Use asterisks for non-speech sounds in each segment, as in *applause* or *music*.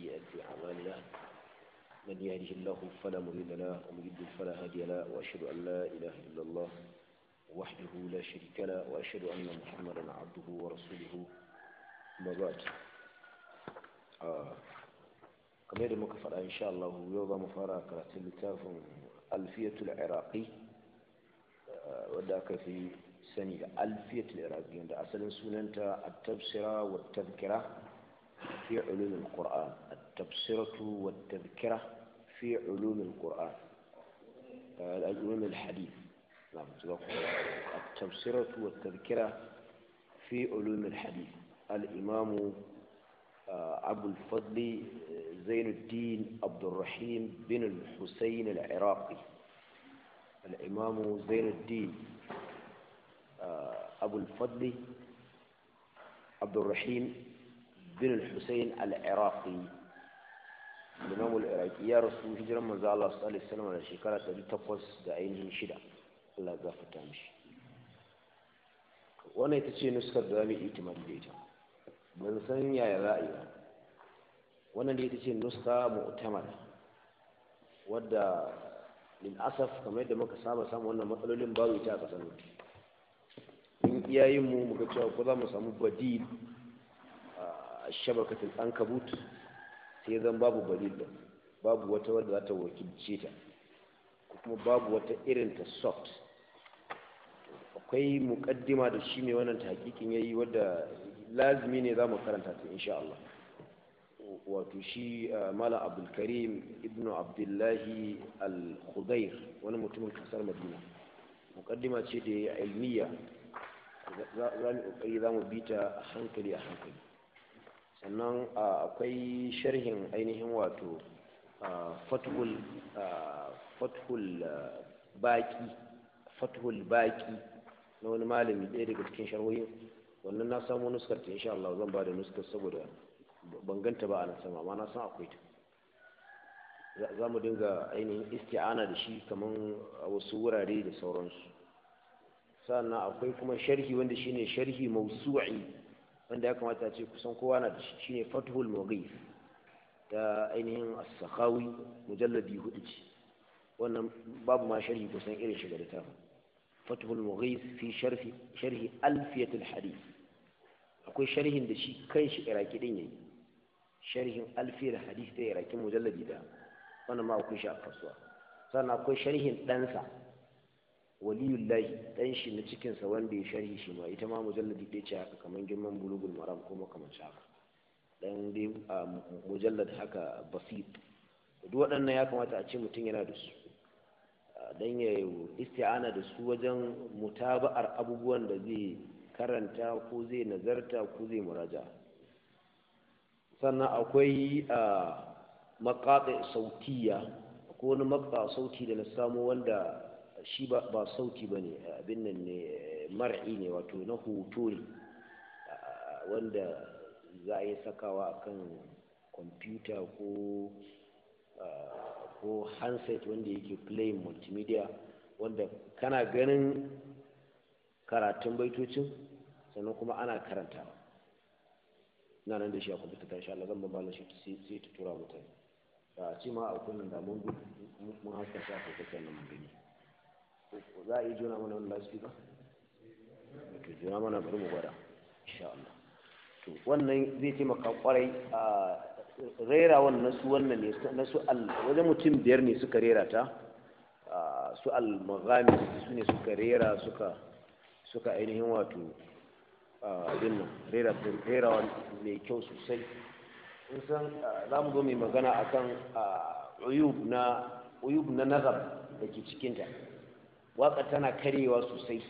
في أعمالنا من يهده الله فلا مضل له ومن يضلل فلا هادي له وأشهد أن لا إله إلا الله وحده لا شريك له وأشهد أن محمدا عبده ورسوله أما بعد آه، كما يدعو مكفر إن شاء الله يوضع مفارقة كراتين لتاف ألفية العراقي آه، وذاك في سنة ألفية العراقي عند أصل سنة التبصرة والتذكرة في علوم القرآن التبصرة والتذكرة في علوم القرآن العلوم الحديث نعم التبصرة والتذكرة في علوم الحديث الإمام آه، أبو الفضل آه، زين الدين عبد الرحيم بن الحسين العراقي الإمام زين الدين آه، أبو الفضل عبد الرحيم bin al-Husayn al-Iraqi Imam al-Iraqi ya rasu hijiran manzo Allah sallallahu alaihi wasallam da shekara 800 da ainihin shida Allah ya gafarta mishi wannan ita ce nuskar da zamu yi itimadi da ita ban san yaya za a yi ba wannan da ita ce nuska mu'tamada wadda asaf kamar yadda muka saba samu wannan matsalolin babu ita a ƙasar in mu muka cewa ko za mu samu badil an ankabut sai zan babu balil babu wata wadda za ta wakilce ta kuma babu wata irin ta soft akwai mukaddima da shi mai wannan ya yayi wadda lazimi ne zamu karanta ta insha Allah wato shi mala Abdulkarim ibnu abdullahi al-khudair wani mutumin kasar madina mukaddima ce da ilmiya za mu kokari za mu bi ta hankali a hankali sannan akwai sharhin ainihin wato fathul baki fathul baki na wani malami ɗaya daga cikin sharhoyi wannan na samu nuskar ta insha Allah zan ba da nuskar saboda banganta ba a nan sama amma na san akwai ta za mu dinga ainihin isti'ana da shi kamar a wasu wurare da sauransu sannan akwai kuma sharhi wanda shine sharhi mausu'i wanda ya kamata ce kusan kowa na da shi shine fathul mughis da ainihin as-sakhawi mujalladi hudu ce wannan babu ma sharhi kusan irin shiga da ta. fathul mughis fi sharhi sharhi alfiyatul hadith akwai sharhin da shi kanshi iraki din yayi sharhin alfiyar hadith da iraki mujalladi da wannan ma akwai shi a kasuwa sannan akwai sharhin ɗansa waliyullahi dan shi na cikinsa wanda ya sharhi shi ma ita ma mujalladi ɗaya ce haka kamar girman bulugul maram ko makamancin haka dan dai mujallad haka basit duk waɗannan ya kamata a ce mutum yana da su dan ya isti'ana da su wajen mutaba'ar abubuwan da zai karanta ko zai nazarta ko zai muraja sannan akwai maqati sautiya ko wani makata sauti da na samu wanda shi ba sauti ba ne eh, abin nan ne eh, mar'i ne wato na hoto ne ah, wanda za a yi sakawa akan kwamfuta ko ah, ko handset wanda yake play multimedia wanda kana ganin karatun baitocin sannan kuma ana karanta na nan da shi a kwamfuta ta Allah zan babala shi sai ta tura mutane ba ah, a cima a kunan damar mun mun a shafa nan mun gani za a yi juna mana wani lasfika to juna mana bari mu gwada insha Allah to wannan zai taimaka kwarai a rera wannan su wannan ne na su al wajen mutum biyar ne suka rera ta su al maghami su ne suka rera suka suka ainihin wato a rera rera mai kyau sosai in san za mu zo mai magana akan uyub na uyub na nazar da ke cikinta waka tana karewa sosai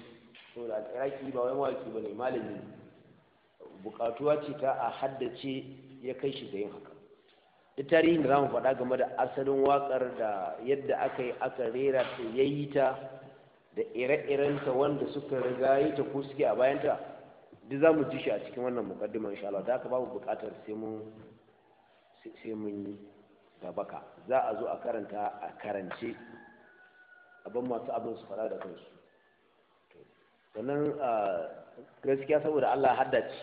so da iraki ba wani mawaki ba ne malami bukatuwa ce ta a haddace ya kai shi da yin haka da tarihin da zamu faɗa game da asalin wakar da yadda aka yi aka rera ta yayi ta da ire-irenta wanda suka riga yi ta ko suke a bayanta duk za mu ji shi a cikin wannan mukaddima insha Allah haka babu buƙatar sai mun sai mun yi gaba za a zo a karanta a karance abin masu abin su fara da kansu sannan gaskiya saboda Allah haddace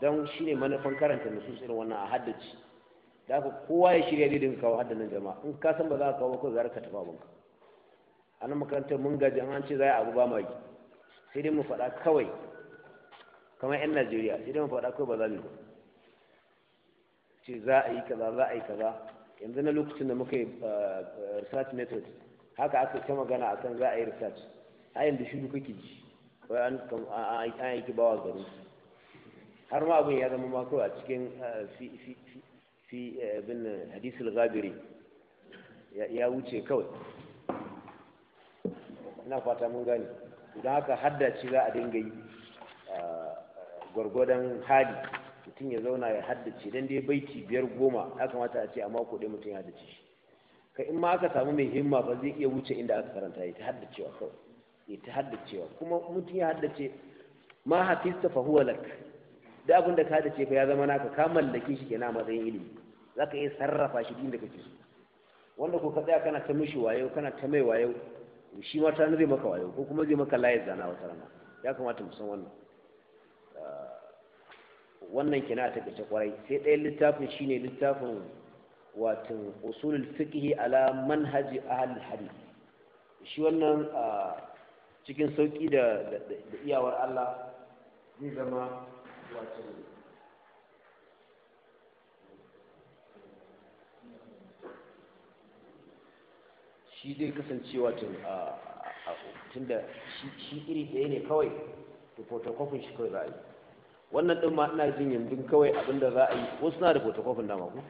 don shi ne manufan karanta sun tsirin wannan a haddace da aka kowa ya shirya daidai kawo haddanin jama'a in ka san ba za ka kawo ko zara ka tafa abinka a nan makarantar mun gaji an ce za a abu ba ma yi sai dai mu faɗa kawai kamar 'yan najeriya sai dai mu faɗa kawai ba za mu yi ce za a yi kaza za a yi kaza yanzu na lokacin da muka yi research method haka aka ta magana a kan za a yi research a yanzu shiru kake ji ko an an yi bawa garin har ma abin ya zama ma a cikin fi eh, bin hadisul gabiri ya wuce kawai ina fata mun gane idan haka haddace za a dinga yi gwargwadon hadi mutum ya zauna ya haddace dan dai baiti biyar goma ya kamata a ce a mako ɗaya mutum ya haddace shi ka in ma aka samu mai himma ba zai iya wuce inda aka karanta ya ta haddacewa kawai ya ta haddacewa kuma mutum ya haddace ma hafizta fa huwa lak da abin da ka haddace fa ya zama naka ka mallake shi kenan a matsayin ilimi ka iya sarrafa shi din daga kake so wanda ko ka tsaya kana ta mishi wayo kana ta mai wayo shi ma ta zai maka wayo ko kuma zai maka layar zana wata rana ya kamata mu san wannan ah, wannan kina a kace kwarai sai ɗayan littafin shine littafin wato usulul fiqhi ala manhaji ahlul hadith shi wannan cikin sauki da iyawar Allah zai zama wato shi zai kasance wato tunda shi iri ɗaya ne kawai to fotokofin shi kawai za a yi wannan ɗin ma ina jin yanzu kawai abinda za a yi wasu na da fotokofin dama ku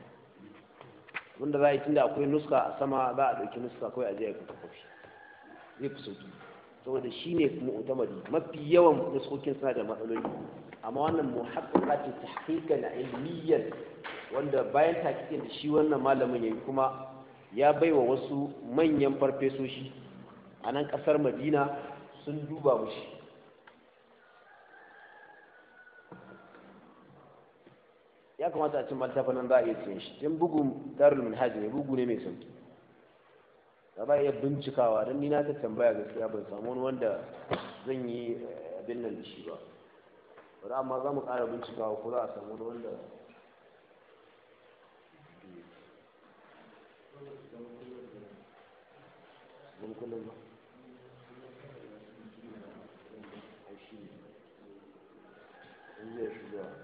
wanda za a yi tun da akwai nuska a sama za a ɗauki nuska kawai a je a yi kofi zai fi sauki saboda shi ne kuma mu'tamari mafi yawan nuskokin suna da matsaloli amma wannan muhaqqaqa ce na ilmiyan wanda bayan tahqiqin da shi wannan malamin ya yi kuma ya bai wa wasu manyan farfesoshi a nan ƙasar Madina sun duba mushi ya kamata a cin maltafa nan za a iya cin shi in bugun darul ne bugu ne mai sauki za ba iya bincikawa don ni na ta tambaya gaskiya ban samu wani wanda zan yi eh, abin nan da shi ba Ba da amma za mu ƙara bincikawa ko za a samu wani wanda Yeah, sure.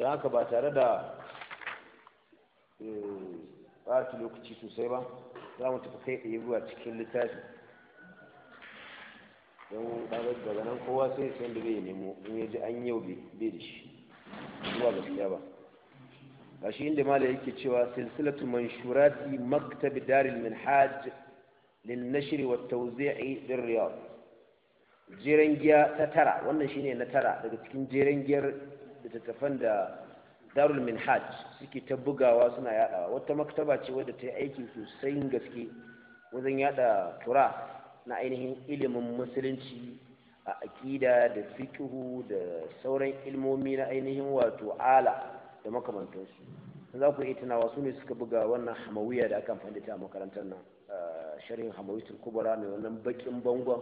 don haka ba tare da eh, ɓata lokaci sosai ba za mu tafi kai tsaye zuwa cikin littafi don ɗarar daga nan kowa sai sai da zai nemo in ya ji an yau bai da shi zuwa gaskiya ba ga shi inda mala yake cewa silsilatu manshurati maktabi daril hajj lil nashri wa tawzi'i bir riyad jiran giya ta tara wannan shine na tara daga cikin jiran giyar littattafan da darul minhaj suke ta bugawa suna yada wata maktaba ce wadda ta yi aiki sosai gaske wajen yada tura na ainihin ilimin musulunci a aƙida da fikihu da sauran ilmomi na ainihin wato ala da makamantansu za ku iya tunawa su ne suka buga wannan hamawiya da aka amfani ta a makarantar nan sharhin hamawiyar kubura mai wannan bakin bangon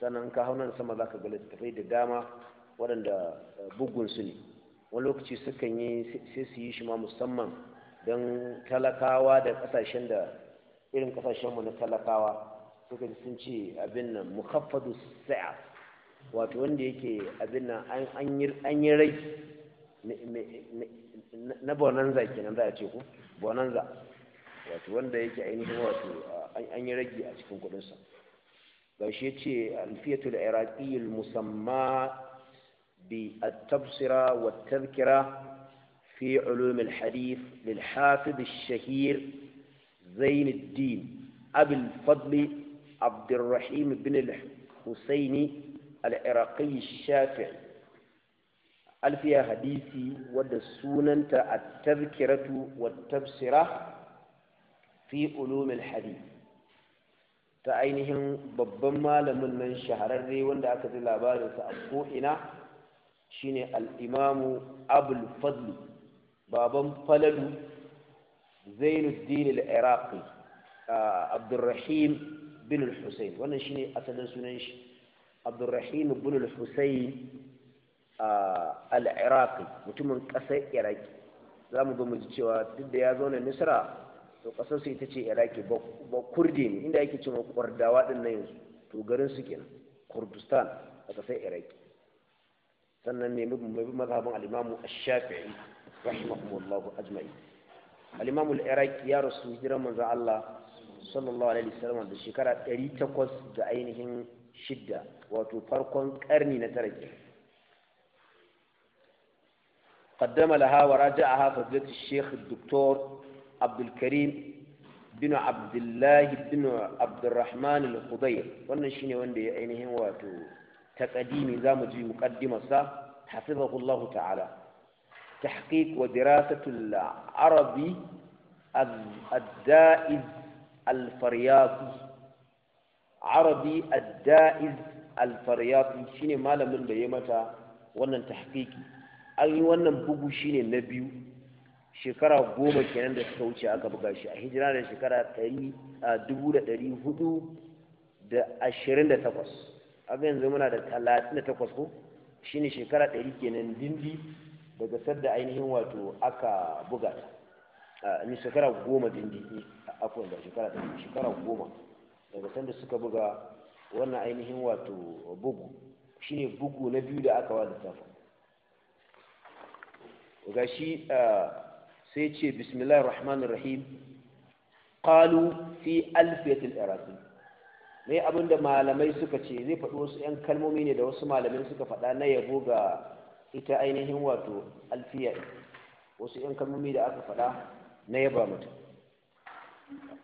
sannan ka hau nan sama za ka ga da dama waɗanda eh, su ne wani lokaci sukan yi sai su yi shi ma musamman don talakawa da ƙasashen da irin ƙasashenmu na talakawa suka sun ce abin nan mukhaffadu sa'a wato wanda yake abin nan an yi rai na bonanza kenan za a ce ku bonanza wato wanda yake ainihin wato eh, an yi rage a cikin kudinsa ga shi ya ce alfiyatul iraqiyul musamma بالتبصرة والتذكرة في علوم الحديث للحافظ الشهير زين الدين أبي الفضل عبد الرحيم بن الحسيني العراقي الشافعي ألفيا حديثي ود سننت التذكرة والتبصرة في علوم الحديث ta ainihin babban malamin nan shahararre wanda aka ji labarinsa a ko'ina shine al'imamu abul fadli baban falalu zainuddin al'iraqi ah, abdurrahim bin al-hussein wannan shine asalin sunan shi abdurrahim bin al-hussein ah, al'iraqi mutumin ƙasar iraki za mu mu ji cewa duk da ya zo zauna nisra to ƙasar sai ita ce iraki ba kurde ne inda yake cewa kwardawa ɗin na yanzu to garin su kenan kurdistan a ƙasar iraki سنني مذهب الإمام الشافعي رحمه الله أجمعين الإمام العراق يا رسول الله من الله صلى الله عليه وسلم عند الشكرة تريتكوز دعينهم شدة وتفرقون كرني نترجع قدم لها وراجعها فضلة الشيخ الدكتور عبد الكريم بن عبد الله بن عبد الرحمن الخضير وانا شيني وانا يعينهم وتفرقون ta زامجي مقدمة سا حفظه الله تعالى تحقيق ودراسة العربي الدائز الفرياطي عربي الدائز alfariyatu shine malamin da ya mata wannan tahqiqi an yi wannan bugu shine na biyu shekara goma kenan da suka wuce aka buga a hijira da shekara dubu da ɗari hudu da ashirin da takwas abin yanzu muna da talatin da takwas ko shi ne shekara ɗari kenan dindi daga sadda ainihin wato aka buga ta ni shekara goma dindi akwai da shekara ɗari shekara goma daga sanda suka buga wannan ainihin wato bugu shi ne bugu na biyu da aka wata safa ga shi sai ce bismillahir rahmanir rahim qalu fi alfiyatil iraqi mai abin da malamai suka ce zai faɗi wasu 'yan kalmomi ne da wasu malamai suka faɗa na yabo ga ita ainihin wato alfiya wasu 'yan kalmomi da aka faɗa na yaba mutum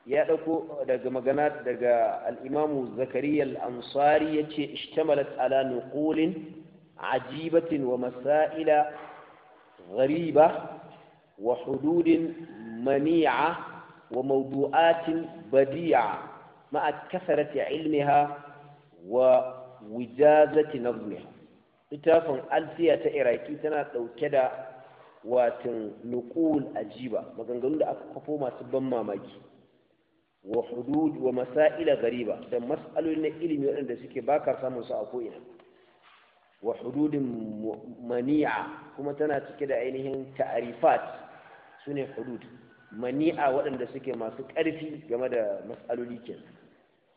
ya ɗauko daga magana daga al'imamu zakariya al'ansari ya ce ishtamalat ala nukulin ajibatin wa masaila ghariba wa hududin mani'a wa maudu'atin badi'a مع كثرة علمها na نظمها littafin alfiya ta iraki tana ɗauke da watan a jiba, maganganu da aka kwafo masu ban mamaki wa hudud wa masa'ila gariba da mas'aloli na ilimi waɗanda suke baka samun su a ko'ina wa hududin mani'a kuma tana cike da ainihin ta'arifat su ne hudud mani'a waɗanda suke masu ƙarfi game da mas'aloli kenan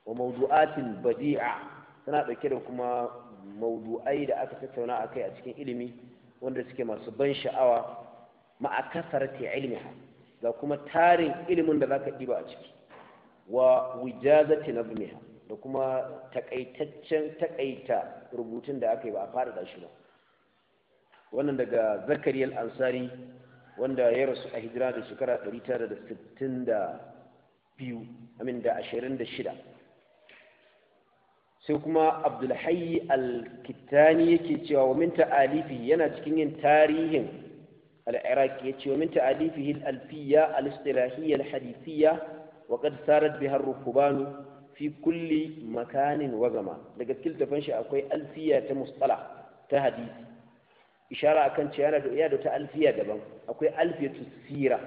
wa mawdu'atin badi'a tana dauke da kuma mawdu'ai da aka tattauna akai a cikin ilimi wanda suke masu ban sha'awa ma'a kasarati ilmiha ga kuma tarin ilimin da zaka diba a ciki wa wijazati nabmiha da kuma takaitaccen takaita rubutun da aka yi ba a fara da shi ba wannan daga zakariyar ansari wanda ya rasu a hijira da shekara 962 amin da 26 sai kuma abdulhayi al-kittani yake cewa wa min ta'alifi yana cikin yin tarihin al ya ce wa min ta'alifihi alfiya al-istirahiyya al wa qad sarat biha ar-rukbanu fi kulli makanin wa gama daga cikin tafan shi akwai alfiya ta mustala ta hadisi ishara akan cewa yana da iya da ta alfiya daban akwai alfiya ta sira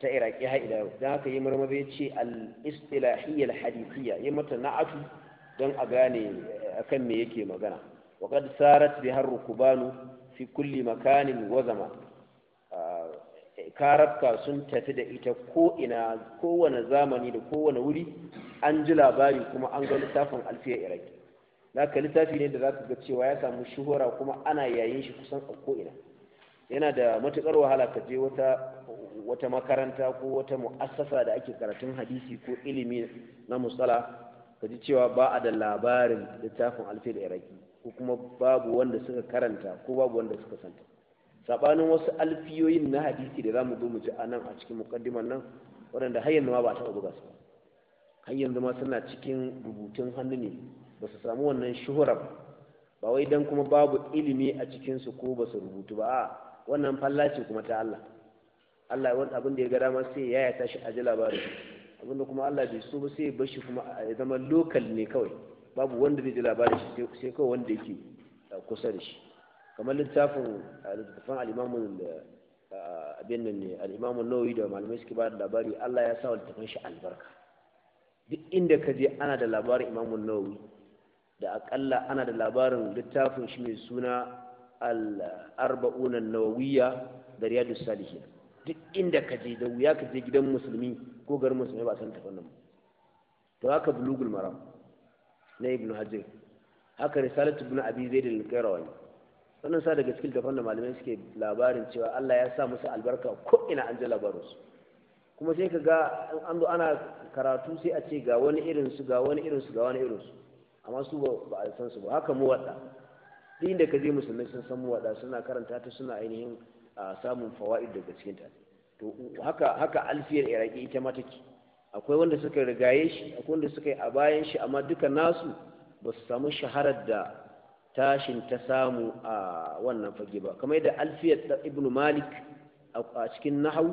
ta iraki ha ila yau dan haka yi marmaba ya ce al-istirahiyya al-hadithiyya ya mata na'atu don a gane akan me yake magana wa sarat bi har rukubanu fi kulli makanin wa zama karabka sun tafi da ita ko ina kowane zamani da kowane wuri an ji labari kuma an ga littafin alfiya iraki ka littafi ne da za ga cewa ya samu shuhura kuma ana yayin shi kusan a ko'ina yana da matukar wahala ka je wata wata makaranta ko wata mu'assasa da ake karatun hadisi ko ilimi na musala ka cewa ba a da labarin littafin alfil iraki ko kuma babu wanda suka karanta ko babu wanda suka santa sabanin wasu alfiyoyin na hadisi da zamu zo mu ji anan a cikin mukaddimar nan waɗanda har yanzu ma ba a taɓa buga su har yanzu ma suna cikin rubutun hannu ne ba su samu wannan shuhurar ba wai dan kuma babu ilimi a cikin su ko ba su rubutu ba a wannan fallaci kuma ta Allah Allah wani abin da ya ga dama sai ya yata shi a ji labarin abinda kuma Allah bai so ba sai bar shi kuma ya zama lokal ne kawai babu wanda zai ji labarin shi sai kawai wanda yake kusa da shi kamar littafin littafin al da abin nan ne da malamai suke ba da labari Allah ya sa littafin shi albarka duk inda ka je ana da labarin Imam Nawawi da akalla ana da labarin littafin shi mai suna al-arba'una nawawiyya da riyadus salihin duk inda ka je da wuya ka je gidan musulmi ko garin musulmi ba san ta wannan to haka bulugul maram na ibn hajar haka risalatu ibn abi zaid al-qayrawani Sannan sa daga cikin tafan da malamai suke labarin cewa Allah ya sa musu albarka ko ina an ji labarinsu kuma sai ka ga an zo ana karatu sai a ce ga wani irin su ga wani irin su ga wani irin su amma su ba a san su ba haka mu wada duk inda ka je musulmai sun san mu wada suna karanta ta suna ainihin A samun fawaid daga cikin ta to haka haka alfiyar iraki ita ma take akwai wanda suka rigaye shi akwai wanda suka yi a bayan shi amma duka nasu ba su samu shaharar da tashin ta samu a wannan fage ba kamar da alfiyar da ibnu malik a cikin nahau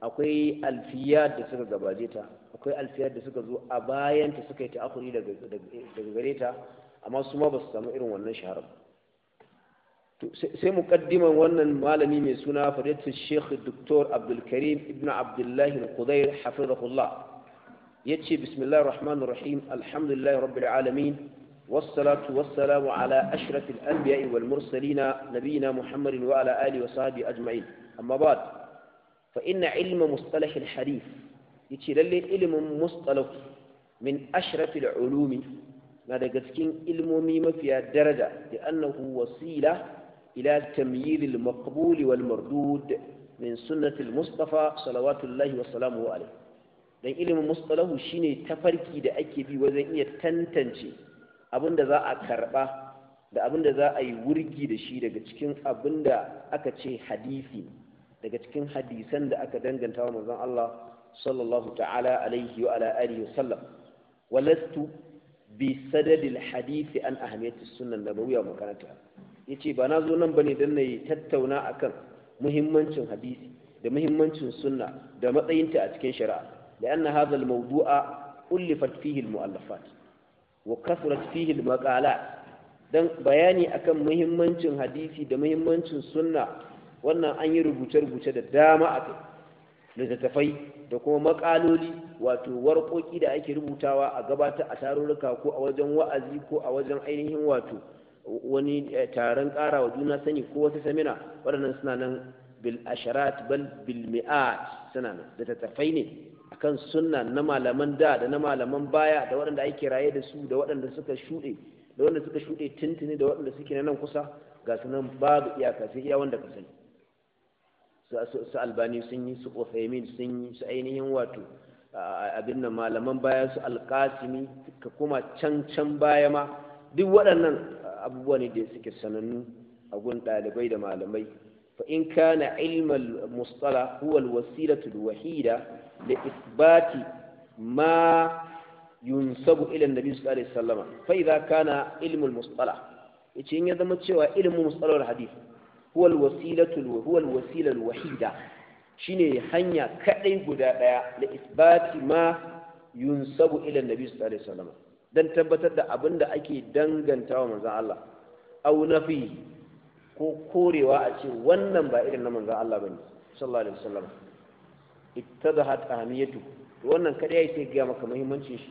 akwai alfiyar da suka gabaje ta akwai alfiyar da suka zo a bayan ta suka yi ta'akuri daga gare ta amma su ma ba su samu irin wannan shaharar ba sai mukaddiman wannan malami mai suna fadatun sheikh doktor abdulkarim ibnu abdullahi kudayar hafin rahullah ya ce bismillah rahman rahim alhamdulillah rabbi alamin wasalatu wasalamu ala ashiratul anbiya wal mursalina nabiyina muhammadin wa ala ali wa sahabi amma ba fa inna ilma mustalahin harif yace lalle ilimin mustalah min ashiratul ulumi na daga cikin ilmomi mafiya daraja da annahu wasila إلى تمييل المقبول والمردود من سنة المصطفى صلوات الله وسلامه عليه dan ilimin mustalahu shine tafarki da ake bi wajen iya tantance abin da za a karba da abin da za a yi wurgi da shi daga cikin abin da aka ce hadisi daga cikin hadisan da aka danganta wa manzon Allah sallallahu ta'ala alaihi wa ala alihi wa sallam walastu bi sadadil hadisi an ahmiyati sunnah nabawiyya makanata ya ce ba na zo nan ba ne don na yi tattauna akan muhimmancin hadisi da muhimmancin sunna da matsayinta a cikin shari'a da anna hazal mawdu'a ullifat fihi mu'allafat wa kasurat fihi dan bayani akan muhimmancin hadisi da muhimmancin sunna wannan an yi rubuce-rubuce da dama a kai littattafai da kuma makaloli wato warƙoƙi da ake rubutawa a gabata a tarurruka ko a wajen wa'azi ko a wajen ainihin wato wani eh, taron ƙara wa juna sani ko wasu samina waɗannan suna nan bil asharat bal bil mi'at suna nan da tattafai ne akan sunna na malaman da da na malaman baya da waɗanda ake raye da su da waɗanda suka shuɗe da waɗanda suka shuɗe tintini da waɗanda suke na nan kusa ga su nan babu iyaka sai iya wanda ka sani su albani sun yi su ofaimin sun yi su ainihin wato abin nan malaman baya su alƙasimi. ka kuma can can baya ma duk waɗannan abubuwa ne da suke sanannu a gun ɗalibai da malamai fa in kana ilmal mustala huwa alwasilatu alwahida li isbati ma yunsabu ila annabi sallallahu alaihi wasallam fa idza kana ilmul mustala yace in ya zama cewa ilmul mustalar hadith huwa alwasilatu huwa alwasila alwahida shine hanya kadai guda daya da isbati ma yunsabu ila annabi sallallahu alaihi wasallam dan tabbatar da abin da ake danganta wa manzan Allah au nafi ko korewa a ce wannan ba irin na manzan Allah bane sallallahu alaihi wasallam ittadahat ahmiyatu wannan kada yi sai ga maka muhimmanci shi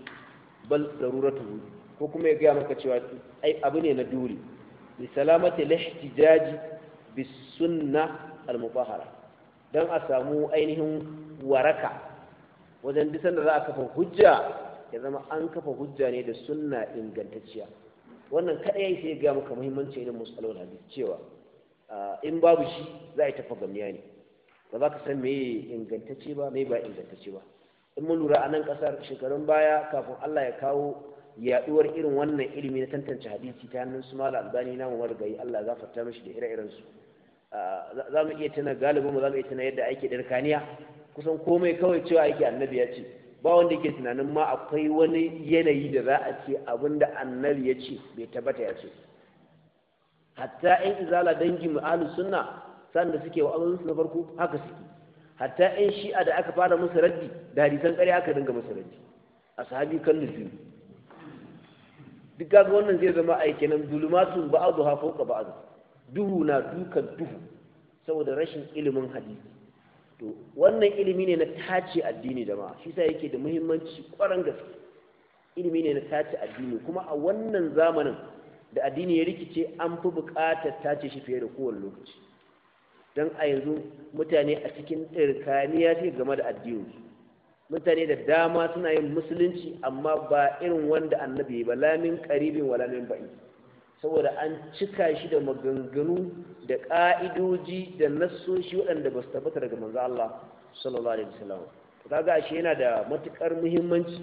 bal daruratu ko kuma ya gaya maka cewa ai abu ne na dole bi salamati lihtijaji bi sunna al mutahhara dan a samu ainihin waraka wajen duk sanda za a kafa hujja ya zama an kafa hujja ne da sunna ingantacciya wannan kada ya sai ga maka muhimmanci irin musalawar hadis cewa in babu shi za a yi tafa gamiya ne ba za ka san me ingantacce ba me ba ingantacce ba in mun lura a nan kasar shekarun baya kafin Allah ya kawo yaduwar irin wannan ilimi na tantance hadisi ta hannun su mala albani na mu margayi Allah ya gafarta mashi da ire-iren su za mu iya tana galibin mu za mu iya tana yadda ake ɗarkaniya kusan komai kawai cewa ake annabi ya ce ba wanda ke tunanin ma akwai wani yanayi da za a ce abinda annabi ya ce bai tabbata ya ce hatta in izala dangi mu'alu sunna san da suke wa na farko haka suke hatta yan shi'a da aka fara musu raddi da hadisan karya aka dinga musu raddi ashabi kan nufi duk kaga wannan zai zama aiki nan zulumatun ba'adu ha ba'adu duhu na dukan duhu saboda rashin ilimin hadisi to wannan ilimi ne na tace addini jama'a shi sa yake da muhimmanci kwaran gaske ilimi ne na tace addini kuma a wannan zamanin da addini ya rikice an fi buƙatar tace shi fiye da kowane lokaci don a yanzu mutane a cikin ɗirkaniya ce game da addini mutane da dama suna yin musulunci amma ba irin wanda annabi ba lamin karibin lamin ba'i saboda an cika shi da maganganu da ƙa'idoji da nassoshi waɗanda ba su tabbata daga manzo Allah sallallahu alaihi wasallam kaga ashe yana da matukar muhimmanci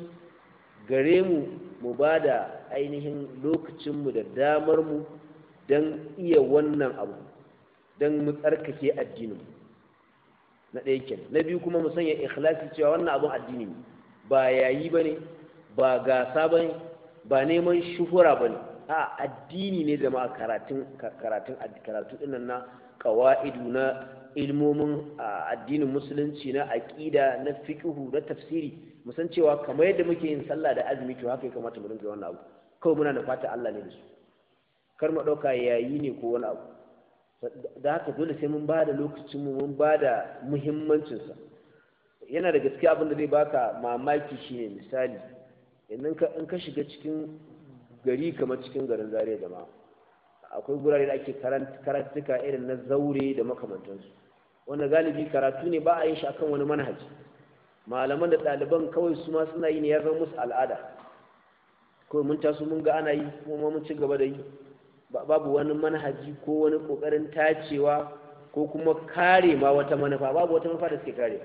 gare mu mu ba da ainihin lokacinmu da damar mu don iya wannan abu don mu tsarkake addinin na ɗaya ke na biyu kuma mu sanya ikhlasi cewa wannan abun addini ba yayi bane ba gasa bane ba neman shuhura bane a addini ne zama karatun karatun dinnan na qawaidu na ilmomin addinin musulunci na aqida na fiqhu na tafsiri musan cewa kamar yadda muke yin sallah da azumi to haka ya kamata mu dinga wannan abu kawai muna da fata Allah ne da su kar mu dauka yayi ne ko wani abu da haka dole sai mun bada lokacin mu mun bada muhimmancin sa yana da gaskiya abin da zai baka mamaki shine misali idan ka in ka shiga cikin gari kamar cikin garin zariya ma akwai gurare da ake karantuka irin na zaure da makamantansu wanda galibi karatu ne ba a yin shi akan wani manhaji malaman da ɗaliban kawai su ma suna yi ne ya zama musu al'ada kawai mun taso mun ga ana yi kuma mun ci gaba da yi babu wani manhaji ko wani ƙoƙarin tacewa ko kuma kare ma wata manufa babu wata manufa da suke kare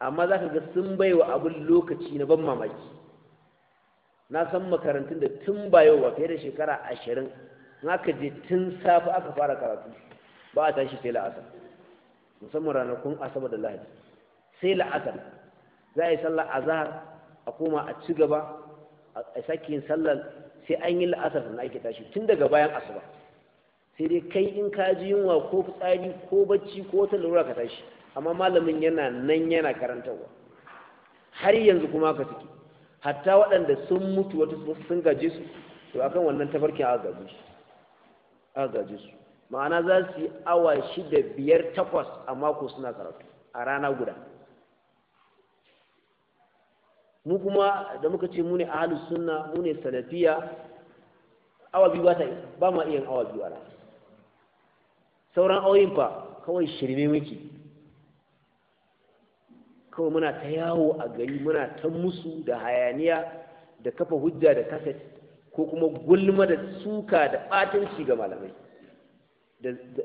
amma za ka ga sun baiwa abin lokaci na ban mamaki na san makarantun da tun ba yau ba fiye da shekara ashirin na je tun safe aka fara karatu ba a tashi sai la'asar musamman ranakun asabar da lahadi sai la'asar za a yi sallar azahar a koma a ci gaba a sake yin sallar sai an yi la'asar sannan ake tashi tun daga bayan asuba sai dai kai in ka ji yunwa ko fitsari ko bacci ko wata lura ka tashi amma malamin yana nan yana karantarwa har yanzu kuma ka suke hatta waɗanda sun mutu wata sun gaje su to akan wannan tafarkin a gaje su ma'ana za su yi awa shida biyar takwas a mako suna karatu a rana guda mu kuma da muka ce mune ne ahalus sunna mu salafiya awa biyu ba ta ba ma iya awa biyu a rana sauran auyin fa kawai shirme muke kawai muna ta yawo a gari muna ta musu da hayaniya da kafa hujja da kaset ko kuma gulma da suka da ɓatanci ga malamai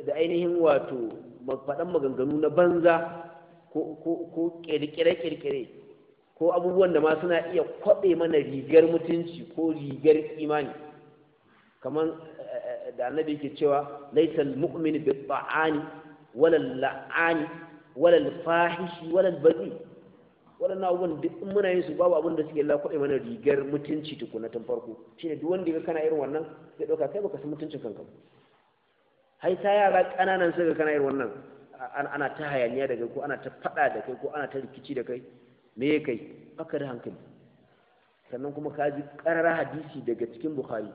da ainihin wato faɗan maganganu na banza ko ƙirƙire-ƙirƙire ko abubuwan da ma suna iya kwaɓe mana rigar mutunci ko rigar imani kamar eh, eh, da annabi ke cewa laisal mu'min bi ta'ani wala la'ani walal fahishi walal wala na abubuwan duk muna yin su babu abin da suke la kuɗe mana rigar mutunci na tun farko shine duk wanda ya kana irin wannan zai dauka kai baka san mutuncin kanka hai ta yara ƙananan ga kana irin wannan ana ta hayaniya da kai ko ana ta faɗa da kai ko ana ta rikici da kai me ya kai baka da hankali sannan kuma ka ji karara hadisi daga cikin bukhari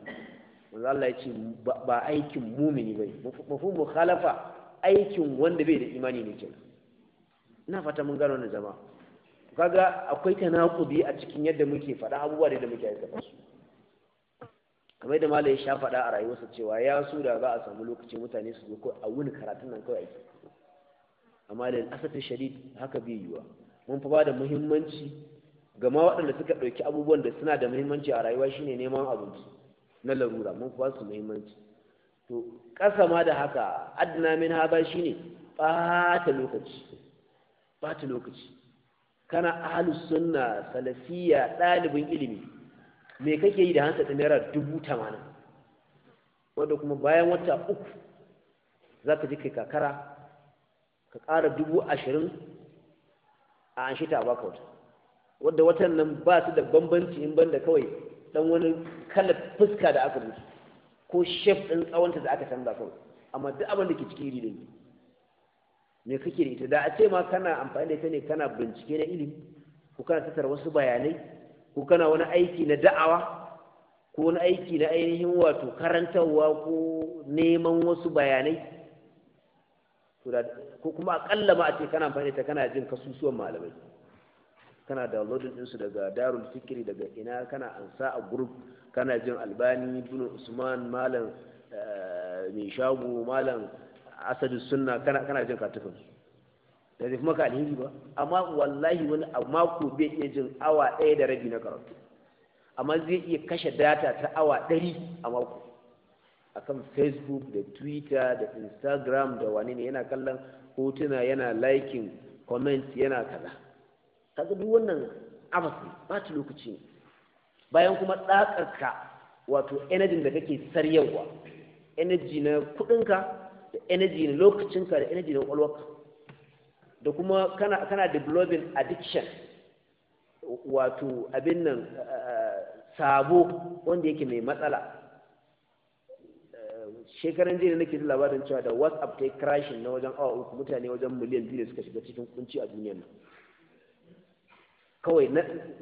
manzo Allah ya ce ba aikin mumini bai mafhumu khalafa aikin wanda bai da imani ne kenan ina fata mun gano wannan jama'a kaga akwai tanakubi a cikin yadda muke faɗa abubuwa da muke aikata su kamar yadda malai ya sha faɗa a rayuwarsa cewa ya su da za a samu lokaci mutane su zo ko a wuni karatun nan kawai amma da asafin shadid haka bai yiwa mun fi ba da muhimmanci ga ma waɗanda suka ɗauki abubuwan da suna da muhimmanci a rayuwa shine neman abinci na larura mun fi su muhimmanci to ƙasa ma da haka adna min shine ɓata lokaci bata lokaci kana ahalus sunna salafiya ɗalibin ilimi me kake yi da hansa ta naira dubu tamanin wanda kuma bayan wata uku za ka ji kai kakara ka ƙara dubu ashirin a an shita a baka wata wadda watan nan ba su da bambanci in banda kawai dan wani kalar fuska da aka rubuta ko shef ɗin tsawonta da aka canza kawai amma duk abin da ke ciki iri da ne ne kake da ita da a ce ma kana amfani da ita ne kana bincike na ilimi ko kana tattar wasu bayanai ko kana wani aiki na da'awa ko wani aiki na ainihin wato karantarwa ko neman wasu bayanai ko kuma akalla ma a ce kana amfani da ita kana jin kasusuwan malamai kana downloading ɗinsu daga darul fikiri daga ina kana ansa a group kana jin albani bin usman malam eh, mai shago malam asadu sunna kana kana jin katufin da zai kuma ka alheri ba amma wallahi wani a mako bai iya jin awa ɗaya da rabi na karatu amma zai iya kashe data ta awa ɗari a mako akan facebook da twitter da instagram da wani ne yana kallon hotuna yana liking comment yana kaza kaga duk wannan abas ne ta lokaci bayan kuma tsakarka wato energy da kake saryawa energy na kuɗinka da energy ne lokacinka da energy da kwakwalwarka da kuma kana kana developing addiction wato abin nan eh, eh, sabo wanda yake mai matsala eh, shekaran jiya nake da labarin cewa da whatsapp ta yi crashing na wajen awa uku mutane wajen miliyan biyu suka shiga cikin kunci a duniyar nan kawai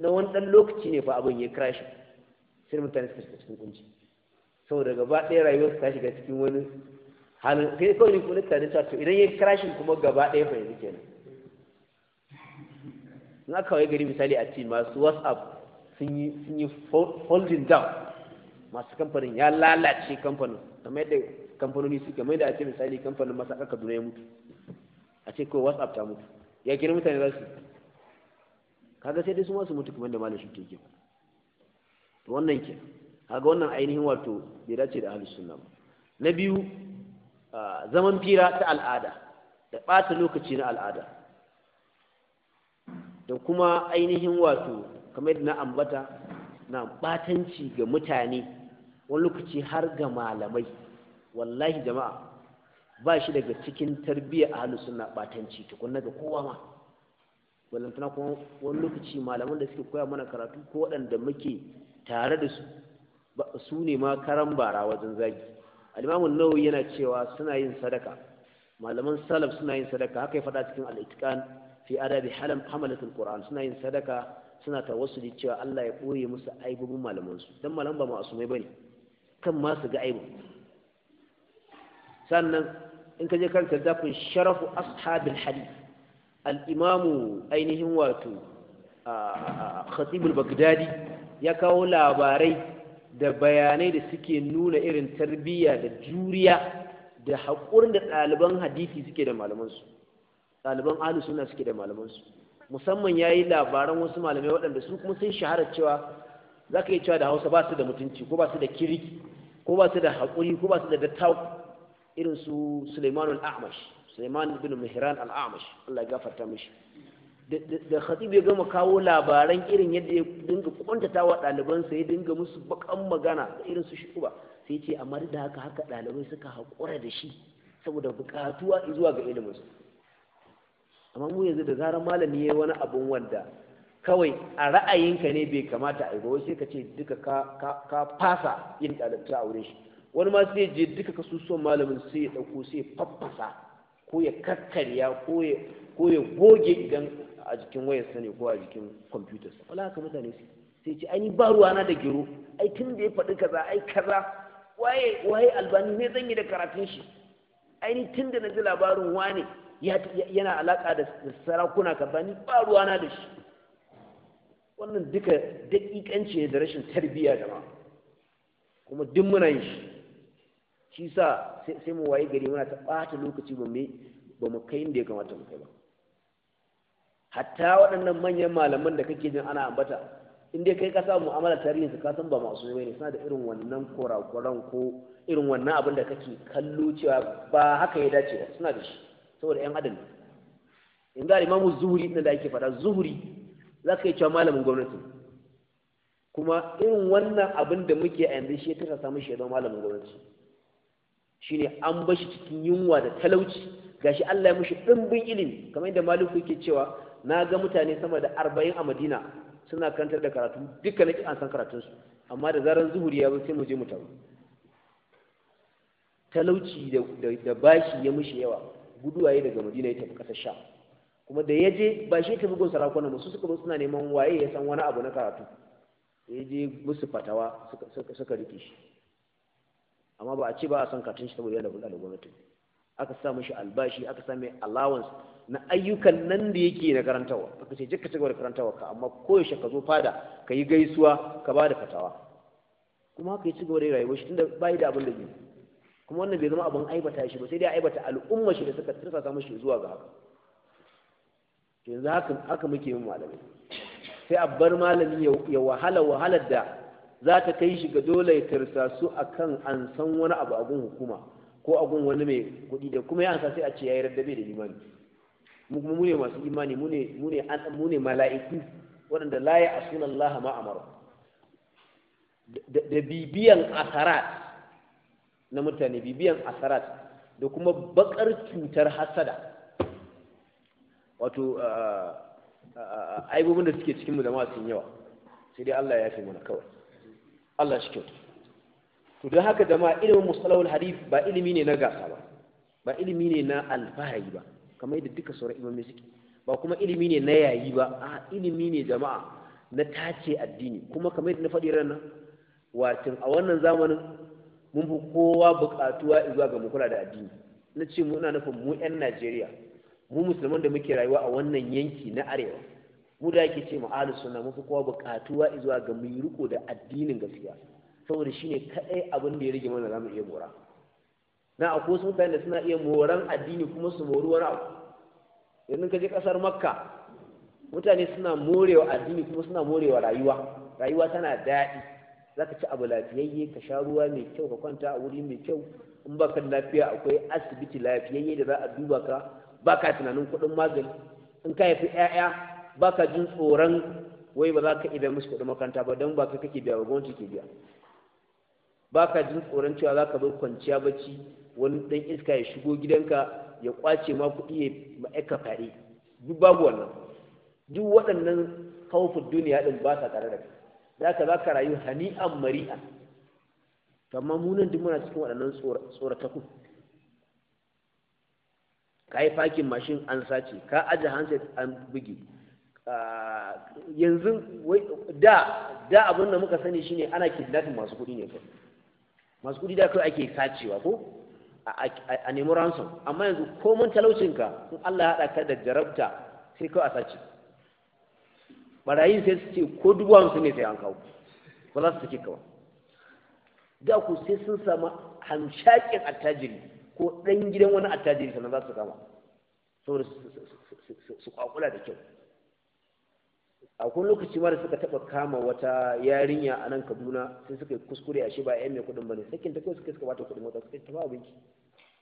na wani ɗan lokaci ne fa abin ya crash sai mutane suka shiga cikin kunci saboda gaba ɗaya rayuwar ta shiga cikin wani halin kai kawai ni kuma tunanin cewa to idan ya crashin kuma gaba ɗaya fa yanzu kenan in aka kawai gari misali a ce masu whatsapp sun yi sun yi folding down masu kamfanin ya lalace kamfanin kamar yadda kamfanoni suke kamar yadda a ce misali kamfanin aka kaduna ya mutu a ce kawai whatsapp ta mutu ya kira mutane za su kaga sai dai su masu mutu kamar da malam shi ke to wannan ke kaga wannan ainihin wato bai dace da ahlus sunna ba na biyu zaman fira ta al'ada da ɓata lokaci na al'ada da kuma ainihin wato kamar yadda na ambata na ɓatanci ga mutane wani lokaci har ga malamai wallahi jama'a ba shi daga cikin tarbiyyar ahalu suna ɓatanci tukunna ga kowa ma wallantana kuma wani lokaci malaman da suke koya mana karatu ko waɗanda muke tare da su ba su ne ma karan bara wajen zagi al-imamun nawawi yana cewa suna yin sadaka malaman salaf suna yin sadaka haka ya faɗa cikin al-itqan fi adabi halam al qur'an suna yin sadaka suna tawassuli cewa Allah ya ɓoye musu aibubun malaman su dan malaman ba ma'asumai bane kan ma su ga aibu sannan in ka je kan tafsirin sharafu ashabil hadith al-imamu ainihin wato ah, ah, ah, khatibul bagdadi ya kawo labarai da bayanai da suke nuna irin tarbiyya da juriya da haƙurin da ɗaliban hadisi suke da malamansu ɗaliban alu suna suke da malamansu musamman ya yi labaran wasu malamai waɗanda su kuma sun shahara cewa za ka yi cewa da hausa ba su da mutunci ko ba su da kiriki ko ba su da haƙuri ko ba su da dattaku irin su suleiman al'amash suleiman bin mihran al'amash allah ya gafarta mishi da khatib ya gama kawo labaran irin yadda ya dinga kwantata wa ɗalibansa ya dinga musu bakan magana irin su shi ba sai ce amma da haka haka ɗalibai suka haƙura da shi saboda buƙatuwa zuwa ga iliminsu amma mu yanzu da zarar malami ya yi wani abun wanda kawai a ra'ayinka ne bai kamata a yi ba sai ka ce duka ka fasa yin ɗalibta a wurin shi wani ma sai je duka ka son malamin sai ya ɗauko sai ya faffasa ko ya kakkarya ko ya goge idan a jikin wayar sani ko a jikin kwamfutar sa wala haka mutane su sai ce ai ba ruwa na da gero ai tun da ya faɗi kaza ai kaza waye waye albani me zan yi da karatun shi ai tun da na ji labarin wane yana alaka da sarakuna kaza ni ba ruwa na da shi wannan duka daƙiƙanci ne da rashin tarbiyya da ma kuma duk muna yi shi shi sa sai mu waye gari muna ta ɓata lokaci ba mu kai inda ya kamata mu kai ba hatta waɗannan manyan malaman da kake jin ana ambata in kai ka samu mu'amala tarihin su kasan ba masu ne suna da irin wannan kurakuran ko irin wannan abin da kake kallo cewa ba haka ya dace ba suna da shi saboda yan adam in ga imamu zuhuri da ake fada zuhuri za ka yi cewa malamin gwamnati kuma irin wannan abin da muke a yanzu shi ya samun shi ya zama malamin gwamnati shine an bashi cikin yunwa da talauci ga shi Allah ya mushi ɗimbin ilimi kamar yadda maliku yake cewa na ga mutane sama da arba'in a madina suna karantar da karatu duka na an san karatunsu amma da zaran zuhuri ya zo sai mu je mu taru talauci da bashi ya mushi yawa guduwa ya daga madina ya tafi ƙasar sha kuma da ya je ba shi ya tafi gun sarakuna masu suka suna neman waye ya san wani abu na karatu ya je musu fatawa suka rike shi amma ba a ce ba a san karatun shi saboda yana da gwamnati aka sa mishi albashi aka sa mai allowance na ayyukan nan da yake na karantawa ka ce jikka cigaba da karantawa ka amma koyaushe ka zo fada ka yi gaisuwa ka ba da fatawa kuma haka ya cigaba da rayuwa shi tunda bai da abin da biyu kuma wannan bai zama abin aibata shi ba sai dai aibata al'umma shi da suka tsasa samun shi zuwa ga haka yanzu haka haka muke yin malamai sai a bar malami ya wahala wahalar da za ta kai shi ga dole ya tarsa su akan an san wani abu a gun hukuma ko a gun wani mai kuɗi da kuma ya ansa sai a ce ya yi raddabe da imani mu kuma mune masu imani mune mune mune mala'iku waɗanda la ya asuna Allah ma amara da bibiyan asarat na mutane bibiyan asarat da kuma bakar cutar hasada wato aibobin da suke cikin mu da sun yawa sai dai Allah ya fi mana kawai Allah shi kyau to don haka jama'a ilimin musalawul hadith ba ilimi ne na gasa ba ba ilimi ne na alfahari ba kamar yadda duka sauran imamai suke ba kuma ilimi ne na yayi ba a ilimi ne jama'a na tace addini kuma kamar yadda na faɗi ranar watin a wannan zamanin mun fi kowa buƙatuwa zuwa ga mu kula da addini na ce mu ina nufin mu 'yan Najeriya mu musulman da muke rayuwa a wannan yanki na arewa mu da yake ce mu suna sunna mun fi kowa buƙatuwa zuwa ga mu riko da addinin gaskiya saboda shine kaɗai abin da ya rage mana zamu iya bora. na a kusa mutane da suna iya moran addini kuma su mori wani abu yanzu ka je kasar makka mutane suna morewa addini kuma suna morewa rayuwa rayuwa tana daɗi za ka ci abu lafiyayye ka sha ruwa mai kyau ka kwanta a wuri mai kyau in ba ka lafiya akwai asibiti lafiyayye da za a duba ka ba ka tunanin kuɗin magani in ka haifi 'ya'ya ba ka jin tsoron wai ba za ka iya musu kuɗin makaranta ba don ba ka kake biya ba gwamnati ke biya ba ka jin tsoron cewa za ka bar kwanciya bacci wani dan iska ya shigo gidanka ya kwace ma kuɗi ya ma'aika fare duk babu wannan duk waɗannan haufin duniya ɗin ba sa tare da kai za ka za ka rayu hani'an mari'a amma munan duk muna cikin waɗannan tsoratakun ka yi fakin mashin an sace ka aje handset an bugi yanzu da da abin da muka sani shine ana kidnapping masu kuɗi ne kai masu kuɗi da kai ake sacewa ko a nemi ransom amma yanzu komin talaucinka in Allah ya haɗa ka da jarabta sai kawai a sace barayin sai su ce ko dubu ne sai an kawo ba za su sake kawo da ku sai sun samu hanshakin attajiri ko ɗan gidan wani attajiri sannan za su kama saboda su kwakula da kyau akwai lokaci ma da suka taba kama wata yarinya a nan kaduna sai suka yi kuskure a shi ba yan mai kudin bane sakin ta kawai suka suka bata kudin wata suka tafi abinci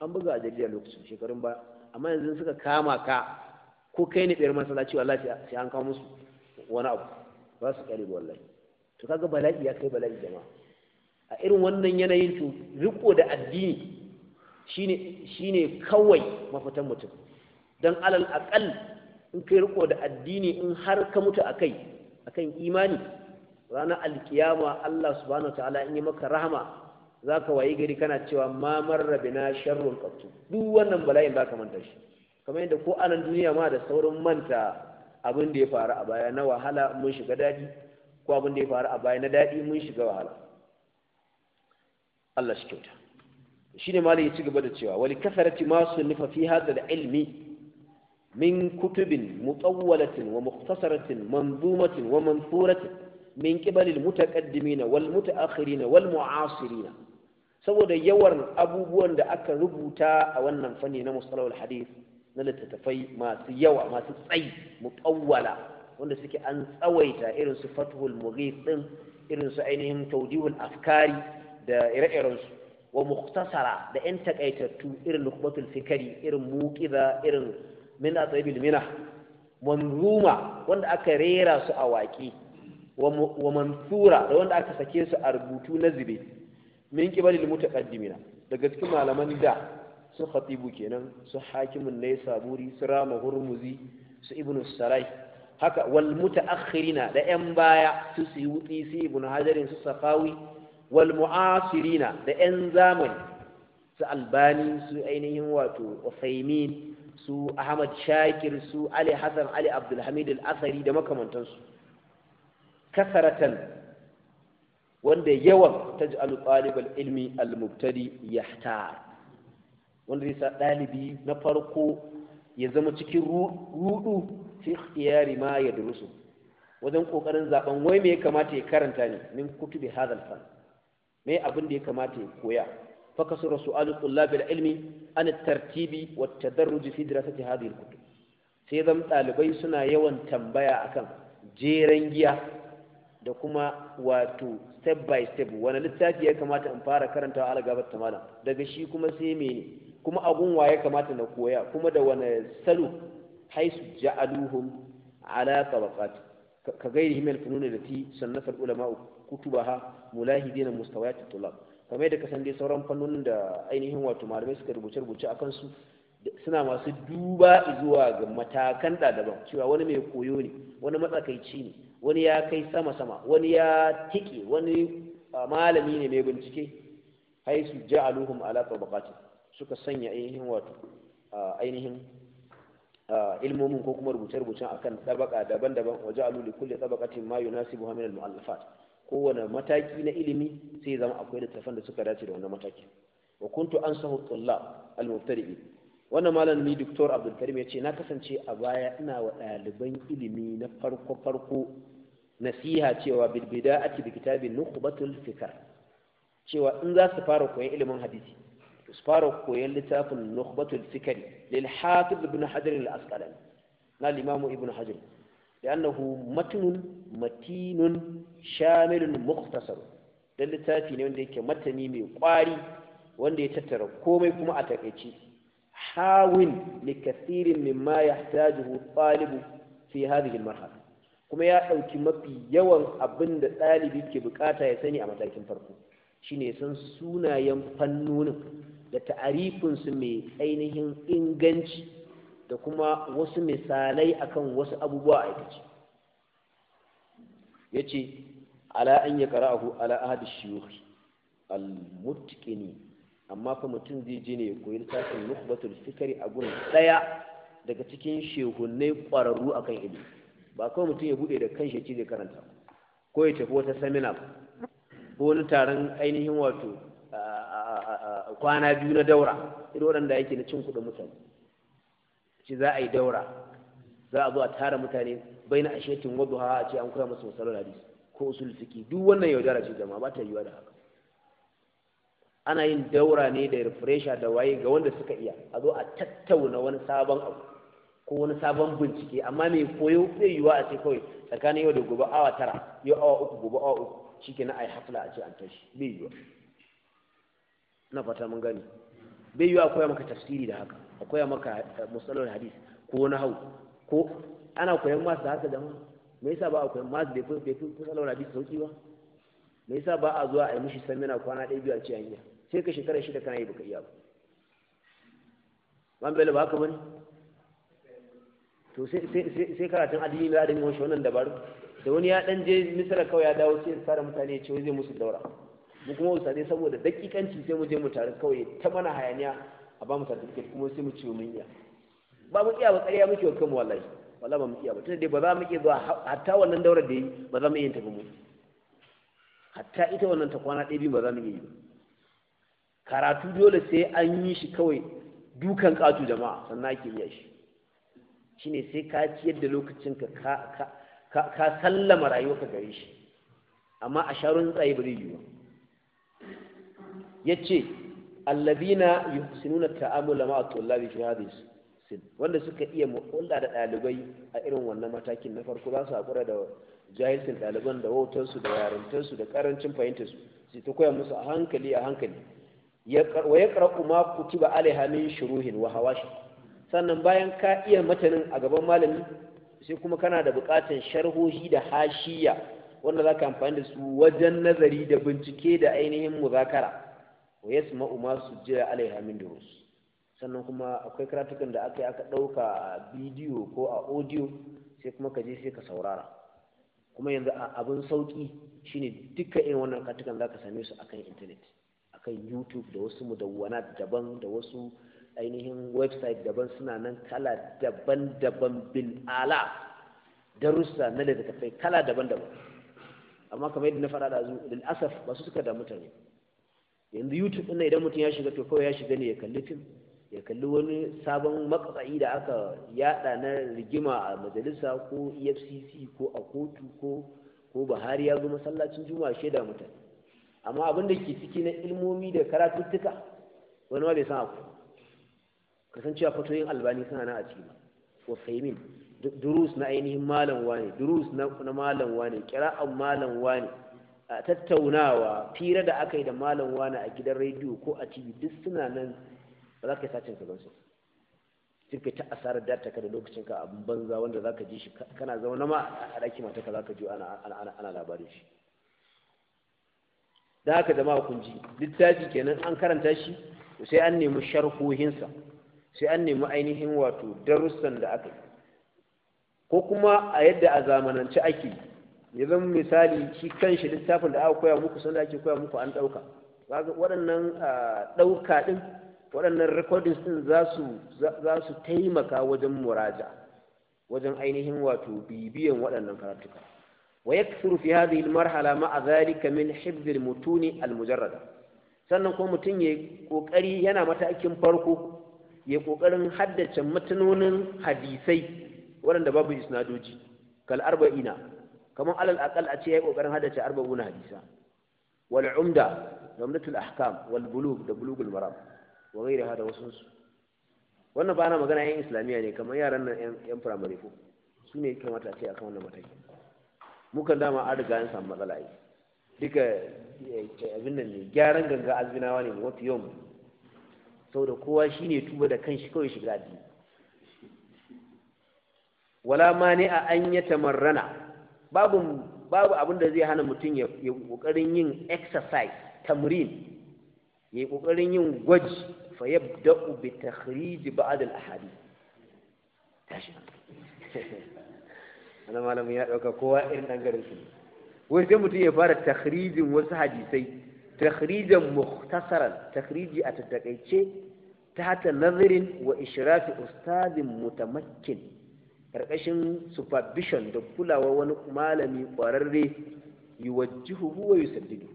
an buga a jarida lokacin shekarun ba amma yanzu suka kama ka ko kai ne biyar masallaci wallahi sai an kawo musu wani abu ba su kare wallahi to kaga bala'i ya kai bala'i jama'a a irin wannan yanayin to riko da addini shine shine kawai mafitan mutum dan alal aqal in kai riko da addini in har ka mutu akai akan imani ranar alkiyama Allah subhanahu wa ta'ala in yi maka rahama za ka wayi gari kana cewa ma marra bina sharrun qattu duk wannan bala'in ba ka manta shi kamar yadda ko anan duniya ma da saurin manta abin da ya faru a baya na wahala mun shiga daɗi ko abin da ya faru a baya na daɗi mun shiga wahala Allah shi kyauta shine malai ya ci gaba da cewa wali kasarati ma sunnifa fi hadda da ilmi من كتب مطولة ومختصرة منظومة ومنثورة من قبل المتقدمين والمتأخرين والمعاصرين saboda yawan abubuwan da aka rubuta a wannan fanni na musalawar hadith na littattafai masu yawa masu tsayi mutawwala wanda suke an tsawaita irin su fathul mughith din irin su ainihin tawdihul afkari da ire-iren su wa mukhtasara da yan takaitattu irin nukhbatul fikari irin muqiza irin min atsabil mina manzuma wanda aka rera su a waƙi wa mansura da wanda aka sake su a rubutu na zube min kibalil mutaqaddimina daga cikin malaman da su khatibu kenan su hakimin ne saburi su rama hurmuzi su ibnu sarai haka wal mutaakhirina da yan baya su suyuti su ibnu hajarin su safawi wal mu'asirina da yan zamani su albani su ainihin wato usaimin su ahmad shakir su ali hassan ali abdulhamid al-asari da makamantansu kasaratan wanda yawan ta ji alƙalibar ilmi al-mubtadi ya wanda zai sa ɗalibi na farko ya zama cikin rudu fi ikhtiyari ma ya durusu wajen ƙoƙarin zaben wai me ya kamata ya karanta ne min kutubi hadal fan me abin da ya kamata ya koya فكسر سؤال طلاب العلم عن الترتيب والتدرج في دراسة هذه الكتب سيدم طالبي سنا يوان akan jeran giya. da kuma wato step by step wani littafi ya kamata in fara karantawa ala gabar tamalan daga shi kuma sai mene kuma abun wa ya kamata na koya kuma da wani salu haisu ja'aluhum ala tabaqati ka gairi himal funun da ti sannafa ulama kutubaha mulahidina mustawayat tulab kamar da kasan dai sauran fannonin da ainihin wato malamai suka rubuce-rubuce a kansu suna masu duba zuwa ga matakan daban cewa wani mai koyo ne wani matsakaici ne wani ya kai sama-sama wani ya tike wani malami ne mai bincike haisu aluhum ala tabaqati suka sanya ainihin wato ainihin ilmomin ko kuma rubuce-rubucen akan tabaka daban-daban waje alu li kulli tabaqatin ma yunasibu min al-mu'allafat kowane mataki na ilimi sai zama akwai littattafan da suka dace da wannan matakin wa kuntu ansahu tullab al wannan malami Dr. Abdul Karim ce na kasance a baya ina wa ɗaliban ilimi na farko farko nasiha cewa bil ake bi kitabin nukhbatul fikr cewa in za su fara koyan ilimin hadisi su fara koyan littafin nukhbatul fikr lil hafiz ibn hajar al-asqalani na limamu ibn hajar لأنه متن متين شامل مختصر dan littafi ne wanda yake matani mai kwari wanda ya tattara komai kuma a takaici hawin li kathirin mimma yahtajuhu talibu fi hadhihi almarhala kuma ya dauki mafi yawan abin da ɗalibi ke bukata ya sani a matakin farko shine san sunayen fannonin da ta'arifin su mai ainihin inganci da kuma wasu misalai akan wasu abubuwa a aikace ya ce ala an ya qara'ahu ala ahadi shuyukh al-mutqini amma fa mutum zai je ne ya koyi littafin nukbatul fikari a gurin daya daga cikin shehunnai kwararru akan ilimi ba kawai mutum ya bude da kanshi ce zai karanta ko ya tafi wata seminar ko wani taron ainihin wato kwana biyu na daura irin waɗanda yake na cin kuɗin mutane ce za a yi daura za a zo a tara mutane bai na ashetin wadda ha a ce an kura musu masarar hadis ko usul fiki duk wannan yaudara ce jama'a ba ta yiwuwa da haka ana yin daura ne da refresha da waye ga wanda suka iya a zo a tattauna wani sabon abu ko wani sabon bincike amma mai koyo zai yiwa a ce kawai tsakanin yau da gobe awa tara yau awa uku gobe awa uku shike na ai hafla a ce an tashi bai yiwa na fata mun gani bai yiwa koya maka tafsiri da haka a koya maka eh, musallar hadis ko na hau ko ana koyan masu da haka jama'a me yasa ba a koyan masu da fi bai fi musallar hadis sauki ba me yasa ba a zuwa a yi mishi samina kwana ɗaya biyu a ce hanya sai ka shekara shida kana yi baka iya ba ban bela ba haka bane to sai karatun adini da adamin wanshi wannan dabaru da wani ya ɗan je misala kawai ya dawo sai tsara mutane ya ce zai musu daura mu kuma ustadai saboda dakikanci sai mu je mu tare kawai ta mana hayaniya a ba mu certificate kuma sai mu ce mun iya ba mu iya ba ƙarya muke wa mu wallahi wallahi ba mu iya ba tunda dai ba za mu iya zuwa hatta wannan daurar da yi ba za mu iya tafi mu hatta ita wannan ta kwana ɗaya biyu ba za mu iya yi karatu dole sai an yi shi kawai dukan ƙatu jama'a sannan ake iya shi shine sai ka ciyar da lokacinka ka ka ka sallama rayuwarka gare shi amma a sharon tsaye ba zai yi ba yace alladina yuhsinuna ta'amula ma'a tullabi fi hadhihi sin wanda suka iya mu'alla da dalibai a irin wannan matakin na farko za su hakura da jahilcin daliban da su da su da karancin fahimtar su ta koya musu a hankali a hankali wa ya ma kutiba alaiha min shuruhin wa hawashi sannan bayan ka iya matanin a gaban malami sai kuma kana da buƙatar sharhohi da hashiya wanda za ka amfani da su wajen nazari da bincike da ainihin muzakara wa yasma'u ma jira alaiha min durus sannan kuma akwai karatukan da aka aka ɗauka a bidiyo ko a audio sai kuma ka je sai ka saurara kuma yanzu abin sauƙi shine duka irin wannan karatukan za ka same su akan intanet akan youtube da wasu mudawwana daban da wasu ainihin website daban suna nan kala daban-daban bin ala darussa na littattafai kala daban-daban amma kamar yadda na faɗa da zu asaf ba su suka da mutane yanzu youtube ɗin idan mutum ya shiga to kawai ya shiga ne ya kalli fim ya kalli wani sabon makasai da aka yada na rigima a majalisa ko efcc ko a kotu ko ko buhari ya zo masallacin juma'a shaida mutane amma abin da ke ciki na ilmomi da karatuttuka wani ma bai san akwai kasancewa fatoyin albani suna na a ciki ba wa fahimi durus na ainihin malam wane durus na malam wane kira'an malam wane tattaunawa fira da aka yi da malam wani a gidan rediyo ko a tv duk suna nan ba za ka yi sacin ka gansu fita a asarar data ka da lokacin ka abin banza wanda za ka ji shi kana zaune ma a ɗaki mata ka za ka ji ana labarin shi da haka zama a kunji littafi kenan an karanta shi sai an nemi sharhohinsa sai an nemi ainihin wato darussan da aka yi ko kuma a yadda a zamanance ake yi ya zama misali shi kanshi littafin da aka koya muku sanda ake koya muku an ɗauka waɗannan ɗauka ɗin waɗannan recordings ɗin za su taimaka wajen muraja wajen ainihin wato bibiyan waɗannan karatuka wa yakthuru fi hadhihi marhala ma'a dhalika min hifdh al almujarrada sannan ko mutum ya kokari yana matakin farko ya kokarin haddace matunonin hadisai waɗanda babu isnadoji kal arba'ina kamar alal aqal a ce yayi kokarin haddace arba'una hadisa wal umda umdatul ahkam wal bulugh da bulugul maram wa gairi da wasu wannan ba na magana yan islamiyya ne kamar yaran nan yan firamare ko su ne kamata a ce akan wannan mataki mukan dama an riga an samu matsala yi duka eh, abin nan ne gyaran ganga azbinawa ne mafi yawan saboda kowa shi ne tuba da kanshi kawai shiga addini wala ma ne a an ya tamarrana babu babu abin da zai hana mutum ya yi kokarin yin exercise tamrin ya kokarin yin gwaji fa yabda'u bi takhrij ba'd al ahadi tashi *laughs* ana malamin ya dauka kowa irin dan garin su wai sai mutum ya fara takhrijin wasu hadisai takhrijan mukhtasaran takhriji a tattakaice ta hata nazarin wa ishrafi ustadin mutamakkin karkashin supervision da kulawa wani malami kwararre yuwajjihu huwa yusaddidu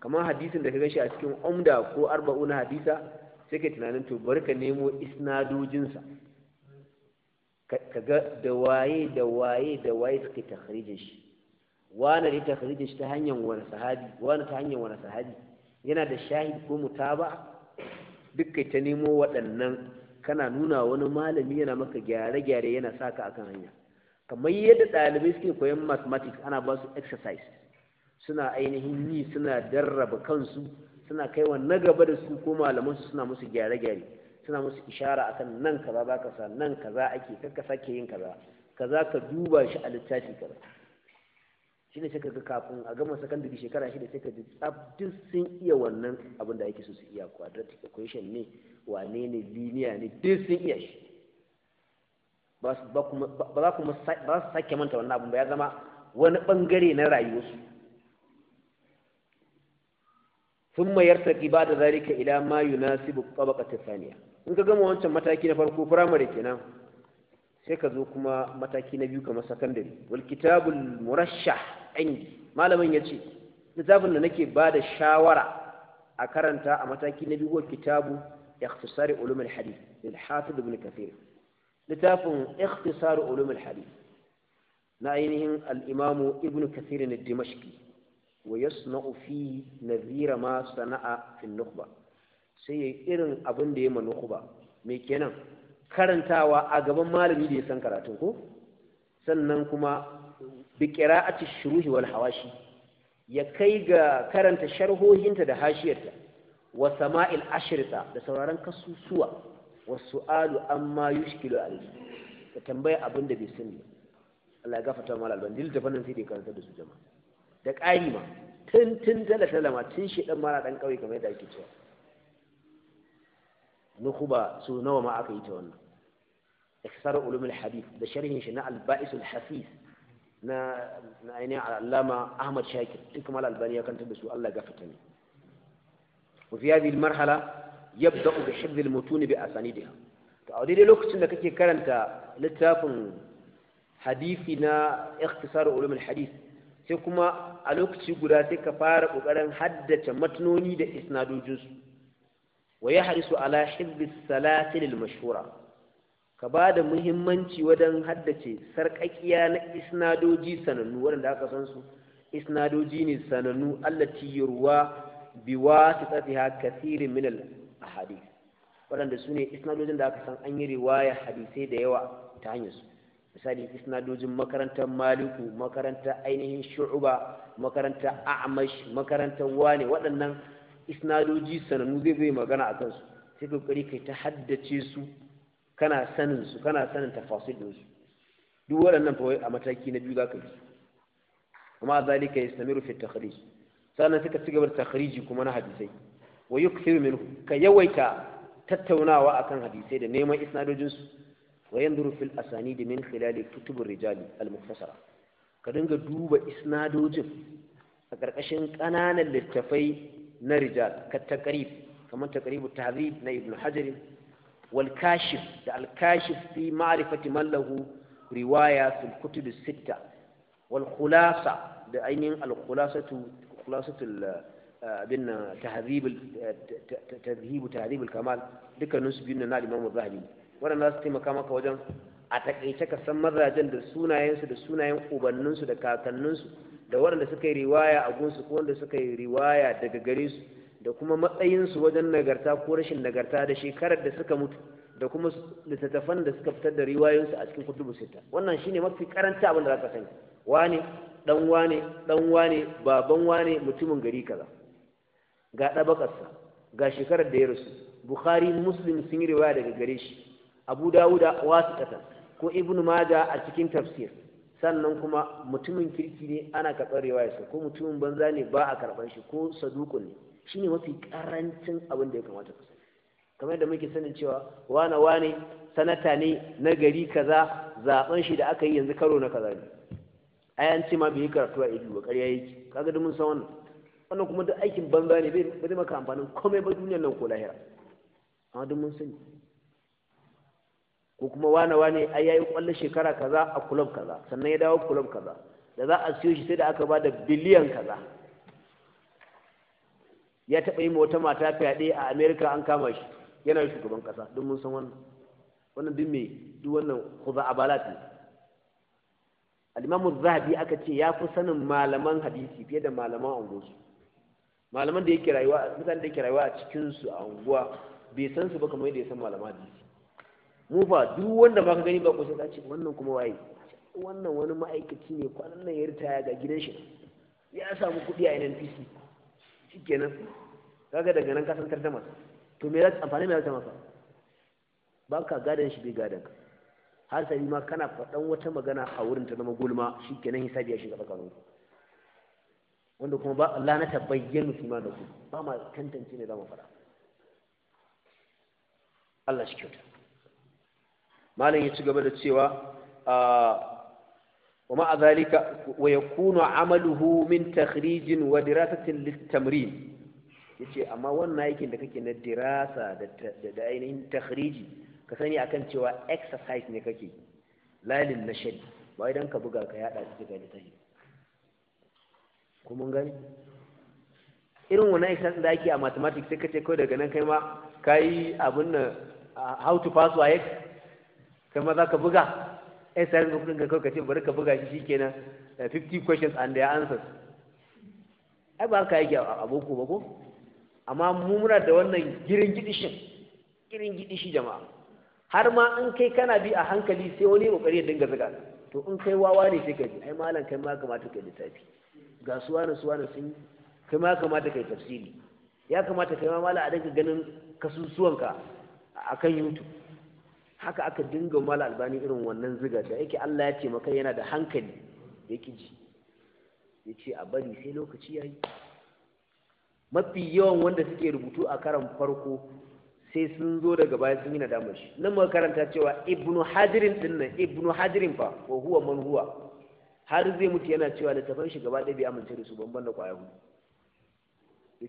kamar hadisin da ka gashi a cikin umda ko arba'una hadisa sai ka tunanin to bari ka nemo isnadojinsa ka ga da waye da waye da waye suke takharijin shi wani ne takharijin shi ta hanyar wani sahabi wani ta hanyar wani sahabi yana da shahid ko mutaba duk kai ta nemo waɗannan kana nuna wani malami yana maka gyare-gyare yana sa ka akan hanya kamar yadda ɗalibai suke koyan mathematics ana ba su exercise suna ainihin yi suna darraba kansu suna kaiwa na gaba da su ko malamansu suna musu gyare-gyare suna musu ishara akan nan kaza za sa nan kaza ake kakka sake yin kaza kaza ka duba shi a littafi kaza shi ne sai kafin a gama sakandare shekara shi da sai ka duk sun iya wannan abin da ake so su iya quadratic equation ne wane ne linear ne duk sun iya shi ba za kuma su sake manta wannan abin ba ya zama wani bangare na rayuwarsu sun mayar saki ba da zarika ila ma yunasibu tabaqat tafaniya in ka gama wancan mataki na farko firamare kenan sai ka zo kuma mataki na biyu kamar sakandare wal kitabul murashah canji malamin ya ce littafin da nake ba da shawara a karanta a mataki na biyu kitabu ikhtisari ulum al-hadith lil hafid ibn kathir littafin ikhtisari ulum al-hadith na ainihin al-imamu ibn kathir na dimashqi wa yasna'u fi nadhira ma sana'a fi nukhba sai irin abin da ya ma nukhba me kenan karantawa a gaban malami da ya san karatu ko sannan kuma bi qira'ati shuruhi wal hawashi ya kai ga karanta sharhohinta da hashiyarta wa sama'il ashrita da sauraron kasusuwa wa su'alu amma yushkilu alayhi ta tambaya abin da bai sani Allah ya gafarta mal alban dil fannin sai dai karanta da su jama'a da ƙari ma tun tun tala ma tun shi dan mara dan kauye kamar yadda ake cewa nukuba su nawa ma aka yi ta wannan ikhsar ulumul hadith da sharhin shi na al-ba'is al-hafiz na na ainihin al'allama ahmad shakir duk mal albani ya kantar da su allah gafarta ne wa fi hadhihi marhala yabda bi hifdhi al-mutun bi asanidiha to a daidai lokacin da kake karanta littafin hadisi na ikhtisar ulum al-hadith sai kuma a lokaci guda sai ka fara kokarin haddace matanoni da isnadojinsu wa yahrisu ala hifdhi as-salatil ka ba da muhimmanci wajen haddace sarƙaƙiya na isnadoji sanannu waɗanda aka san su isnadoji ne sanannu allati yurwa biwa ta tafiya kathirin min al-ahadith waɗanda su ne isnadojin da aka san an yi riwaya hadisai da yawa ta hanyar su misali isnadojin makarantar maliku makarantar ainihin shu'uba makarantar a'amash makarantar wane waɗannan isnadoji sanannu zai zai magana a kansu sai kokari kai ta haddace su kana sanin su kana sanin tafasil din su duk waɗannan fa a mataki na biyu za ka bi amma zalika yastamiru fi takhrij sannan suka ci gaba da takhriji kuma na hadisai wa yukthiru minhu ka yawaita tattaunawa akan hadisai da neman isna'dojinsu? su wa yanzuru fil asanid min khilal kutub rijali al muktasara ka dinga duba isnadojin a ƙarƙashin ƙananan littafai na rijal ka takarib kamar takaribu tahzib na ibnu hajarin wal kashif da al kashif fi ma'rifati man lahu riwaya fil kutub sitta wal khulasa da ainihin al khulasatu khulasatul eh, abin tahdhibul kamal dukkanin su biyun na Imam Zahabi wannan za su taimaka maka wajen a takaice ka san mazajen da sunayensu da sunayen ubanninsu da kakanninsu da waɗanda suka yi riwaya a gunsu yi riwaya daga gare da kuma matsayinsu wajen nagarta ko rashin nagarta da shekarar da suka mutu da kuma littattafan da suka fitar da riwayoyinsu a cikin kutubu sita wannan shine mafi karanta abin da zaka sani wane dan wane dan wane baban wane mutumin gari kaza ga ɗabakarsa ga shekarar da ya rasu bukhari muslim sun yi riwaya daga gare shi abu dawuda wasiqatan ko ibnu maja a cikin tafsir sannan kuma mutumin kirki ne ana karɓar riwayarsa ko mutumin banza ne ba a karɓar shi ko saduku ne shine mafi karancin abin da ya kamata ka sani kamar da muke sanin cewa wane wane sanata ne na gari kaza zaben shi da aka yi yanzu karo na kaza ne ai an ce ma bai yi karatu a ido ba ƙarya yake kaga da san wannan wannan kuma duk aikin banza ne bai bai maka amfanin komai ba duniyar nan ko lahira amma duk mun sani ko kuma wane wane ai yayi kwallon shekara kaza a club kaza sannan ya dawo club kaza da za a siyo shi sai da aka ba da biliyan kaza ya taɓa yi wata mata fyaɗe a amerika an kama shi yana shugaban ƙasa don mun san wannan wannan duk mai duk wannan kuza abalat ne al-imamu zahabi aka ce ya fi sanin malaman hadisi fiye da malaman unguwarsu malaman da yake rayuwa mutanen da yake rayuwa a cikinsu a unguwa bai san su ba kamar yadda ya san malaman hadisi mu fa duk wanda ba ka gani ba ko sai ka ce wannan kuma waye wannan wani ma'aikaci ne kwanan nan ya ritaya ga gidan shi ya samu kuɗi a NNPC shikenan kaga daga nan ka san tarjama to me za ta amfani me za ta maka ba ka gadan shi bai gadan ka har sai ma kana faɗan wata magana a wurin ta zama gulma shikenan hisabi ya shiga tsakanin ku wanda kuma ba Allah na tabayyana fi ma da ku ba ma tantance ne za mu faɗa Allah shi kyauta malam ya ci gaba da cewa ah, ومع ذلك ويكون عمله من تخريج ودراسة للتمرين yace amma wannan aikin da kake na dirasa da ainihin takhriji ka sani akan cewa exercise ne kake lalin na shadi ba idan ka buga ka yada su ga litafi kuma gani irin wannan exercise da ake a mathematics sai kace ko daga nan kai ma kai abun nan how to pass wa kai ma zaka buga ai sai ka kudin kawai ka ce bari ka buga shi shikenan 50 eh, questions and their answers ai ba ka yake a boko ba ko amma mu muna da wannan girin gidishin girin gidishi jama'a har ma in kai kana bi a hankali sai wani kokari ya dinga zuga to in kai wawa ne sai ka ji ai malam kai ma kamata kai littafi ga suwa na suwa na sun kai ma kamata kai tafsiri ya kamata kai ma malam a dinga ganin kasusuwanka akan YouTube haka aka dinga mala albani irin wannan zigar da yake Allah ya ce maka yana da hankali yake ji ya ce a bari sai lokaci ya yi mafi yawan wanda suke rubutu a karan farko sai sun zo daga baya sun yi nadamar shi nan muka karanta cewa ibnu hadirin din nan ibnu hadirin fa ko huwa man huwa har zai mutu yana cewa littafan shi gaba ɗaya bai amince da su ban da ƙwayar hudu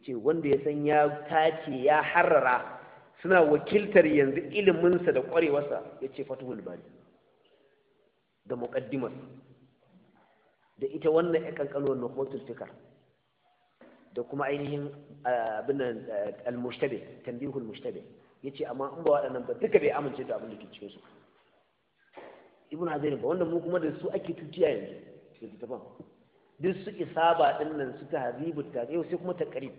ce wanda ya san ya tace ya harara. suna wakiltar yanzu iliminsa da ƙwarewarsa ya ce fatuhul bari da muƙaddimar da ita wannan ya ƙanƙanuwar nuhotul fikar da kuma ainihin abinan al-mushtabe tambihul mushtabe ya ce amma in ba waɗannan ba duka bai amince da abin da ke cikin su ibn hazarin ba wanda mu kuma da su ake tutiya yanzu da littafin duk su isaba ɗin nan su ta habibu ta yau sai kuma ta ƙarib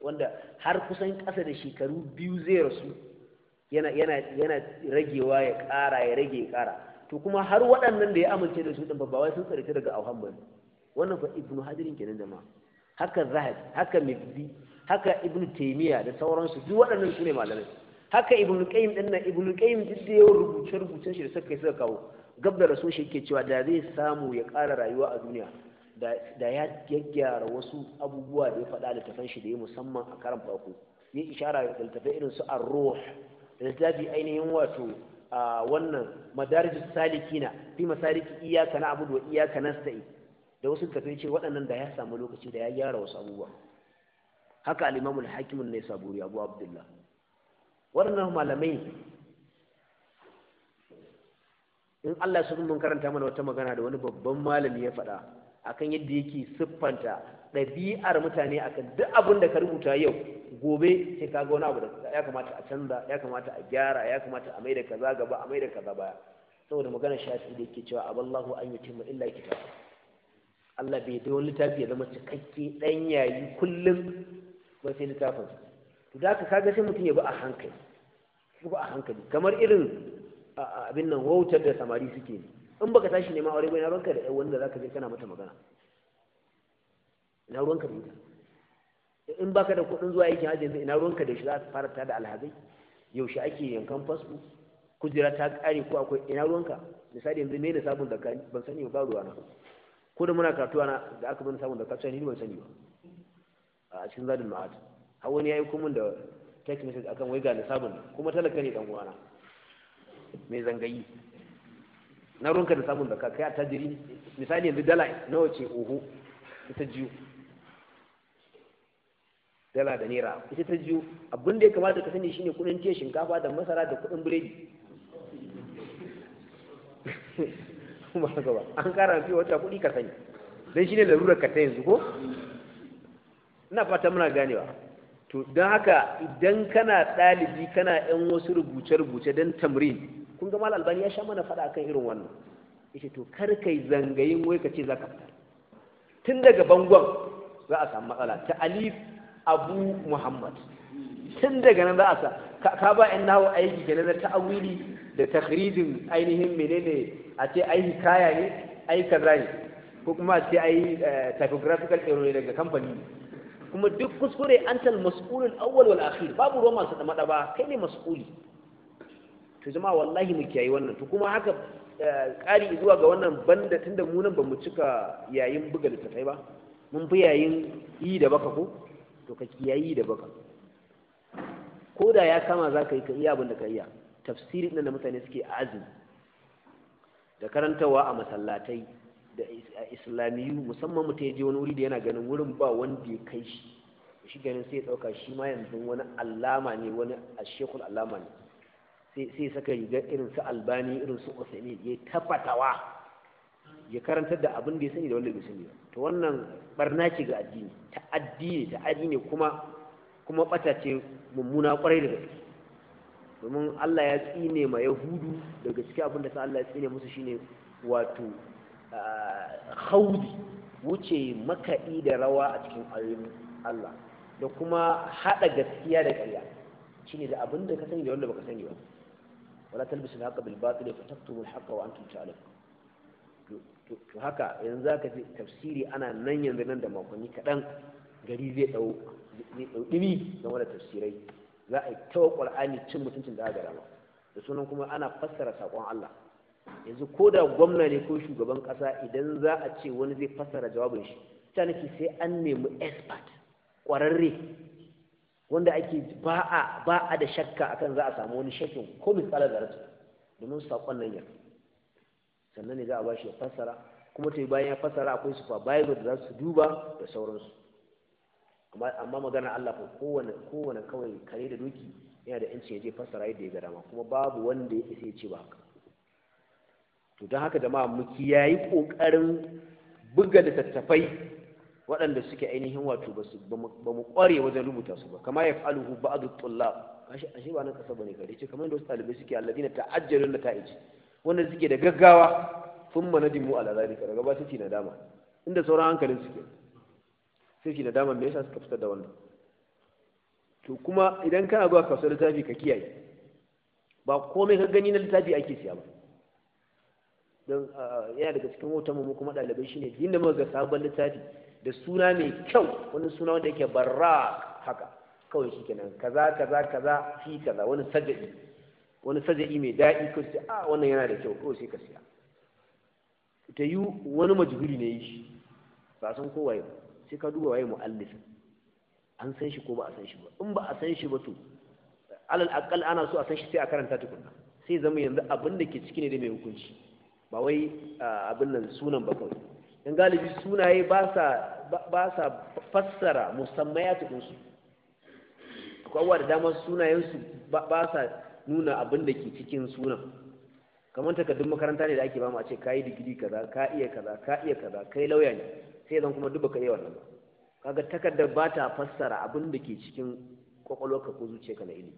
wanda har kusan ƙasa da shekaru biyu zai rasu yana yana yana ragewa ya ƙara ya rage ya ƙara to kuma har waɗannan da ya amince da su din ba wai sun tsare daga auhan wannan fa ibnu hadirin kenan da ma haka Zahid, haka mibdi haka ibnu taymiya da sauransu duk waɗannan su ne malamai haka ibnu qayyim din nan ibnu qayyim duk da yawan rubuce rubucen shi da suka kai suka kawo gab da rasul shi cewa da zai samu ya ƙara rayuwa a duniya da ya gyaggyara wasu abubuwa da ya faɗa littafan shi da ya musamman a karan farko ya ishara da littafai irin su a ruh da littafi ainihin wato a wannan madarijus salikina fi iyaka na abubuwa iyaka na sai. da wasu littafai ce waɗannan da ya samu lokaci da ya gyara wasu abubuwa haka al-imamu na hakim an abu abdullah waɗannan malamai in Allah ya mun karanta mana wata magana da wani babban malami ya faɗa akan yadda yake siffanta ɗabi'ar mutane akan duk abin da ka rubuta yau gobe sai ka ga wani abu da ya kamata a canza ya kamata a gyara ya kamata a maida kaza gaba a maida kaza baya saboda magana shafi da yake cewa aballahu an yutimma illa kitab Allah bai da wani littafi ya zama cikakke dan yayi kullum ba sai littafin to da ka kaga sai mutum ya bi a hankali ba a hankali kamar irin abin nan wautar da samari suke ne in baka tashi neman aure ba ina ruwanka da wanda ka je kana mata magana ina ruwanka da ita in baka da kuɗin zuwa aikin hajji yanzu ina ruwanka da shi za ta fara ta da alhazai yaushe ake yankan fasfo kujera ta kare ko akwai ina ruwanka misali yanzu me na sabon da ban sani ba ruwa na ko da muna karatuwa na da aka bani sabon da ka sani ban sani ba a cikin zadin ma'ad har wani yayi kuma da text message akan wai ga na sabon kuma talaka ne dan uwana mai zangayi na ruwanka da samun zakka kai tajiri misali yanzu dala nawa ce oho ita jiyo dala da naira ita ta jiyo abin da ya kamata ka sani shine kudin tiya shinkafa da masara da kudin biredi kuma *laughs* haka ba an kara fiye wata kudi ka sani dan shine larurar ka ta yanzu ko ina fata muna ganewa to don haka idan kana ɗalibi kana yan wasu rubuce-rubuce don tamrin kun ga mal albani ya sha mana faɗa akan irin wannan yace to kar kai zangayin wai ka ce za ka fitar tun daga bangon za a samu matsala ta alif abu muhammad tun daga nan za a sa ka ba yan nawo aiki kenan na ta'awili da takhrijin ainihin menene a ce ai kaya ne ai kaza ne ko kuma a ce ai eh, typographical error daga kamfani kuma duk kuskure antal mas'ulul awwal wal akhir babu ruwan masu da ba kai ne mas'uli to jama'a wallahi mu kiyaye wannan to kuma haka eh, ƙari zuwa ga wannan banda tunda mu nan ba mu cika yayin buga littattafai ba mun fi yayin yi da baka ko to ka kiyayi da baka ko da ya kama za ka yi ka iya abin da ka iya tafsiri nan da mutane suke azumi da karantawa a masallatai da islamiyu musamman mutum ya je wani wuri da yana ganin wurin ba wanda ya kai shi shi ganin sai ya ɗauka shi ma yanzu wani alama ne wani ashekul alama ne sai saka riga irin su albani irin su usaini ya tabbatawa ya karantar da abin da ya sani da wanda bai sani ba to wannan barna ce ga addini ta addini ta addini kuma kuma bata ce mummuna kwarai da gaske domin Allah ya tsine ma yahudu daga cikin abin da sa Allah ya tsine musu shine wato khawdi wuce makadi da rawa a cikin ayoyin Allah da kuma haɗa gaskiya da ƙarya shine da abin da ka sani da wanda baka sani ba wala talbisu al-haqqa bil batil fa taktumu wa to haka yanzu za ji tafsiri ana nan yanzu nan da makonni kaɗan, gari zai ɗau zai don wani game da tafsirai za a yi tawa qur'ani cin mutuncin da aka gara da sunan kuma ana fassara sakon Allah yanzu ko da gwamna ne ko shugaban ƙasa idan za a ce wani zai fassara jawabin shi ta sai an nemi expert ƙwararre wanda ake ba a da shakka akan za a samu wani shakin ko misalar da rasu domin saƙon nan yau sannan ne za a ba shi fasara. kuma ta bayan ya fasara akwai su fa bible da za su duba da sauransu amma magana Allah ko kowane kowane kawai kare da doki yana da yanci ya je fasara yadda ya ga dama kuma babu wanda ya isa ya ce ba haka to don haka jama'a mu kiyayi kokarin buga littattafai waɗanda suke ainihin wato ba mu ƙware wajen rubuta su ba kama ya fa'aluhu ba'adu tullab ashe ba nan ƙasa ne gari ce kamar da wasu ɗalibai suke na ta'ajjalun na ta'aji wanda suke da gaggawa sun ma nadimu ala zalika daga ba su na dama inda sauran hankalin suke sai na dama me yasa suka fitar da wannan to kuma idan kana zuwa kasuwar littafi ka kiyaye ba komai ka gani na littafi ake siya ba don ah, ah, yana daga cikin wata mu kuma ɗalibai shine inda muka ga sabon littafi da suna mai kyau wani suna wanda yake barra haka kawai shi kenan kaza kaza kaza fi kaza wani sajadi wani sajadi mai daɗi ko sai a ah, wannan yana da kyau kawai sai ka siya ta yi wani majhuri ne shi ba san ko waye sai ka duba waye muallif an san shi ko ba a san shi ba in ba a san shi ba to alal aqal ana so a san shi sai a karanta tukunna sai zama yanzu abin da ke ciki ne da mai hukunci ba wai ah, abin nan sunan ba kawai dan galibi sunaye ba sa ba sa fassara musammayatu Akwai abubuwa da dama sunayensu ba sa nuna abin da ke cikin sunan kamar takardun makaranta ne da ake bamu a ce kayi digiri kaza ka iya kaza ka iya kaza kai lauya ne sai zan kuma duba yi wannan kaga takardar ba ta fassara abin da ke cikin kwakwalwarka ko zuciyarka na ilimi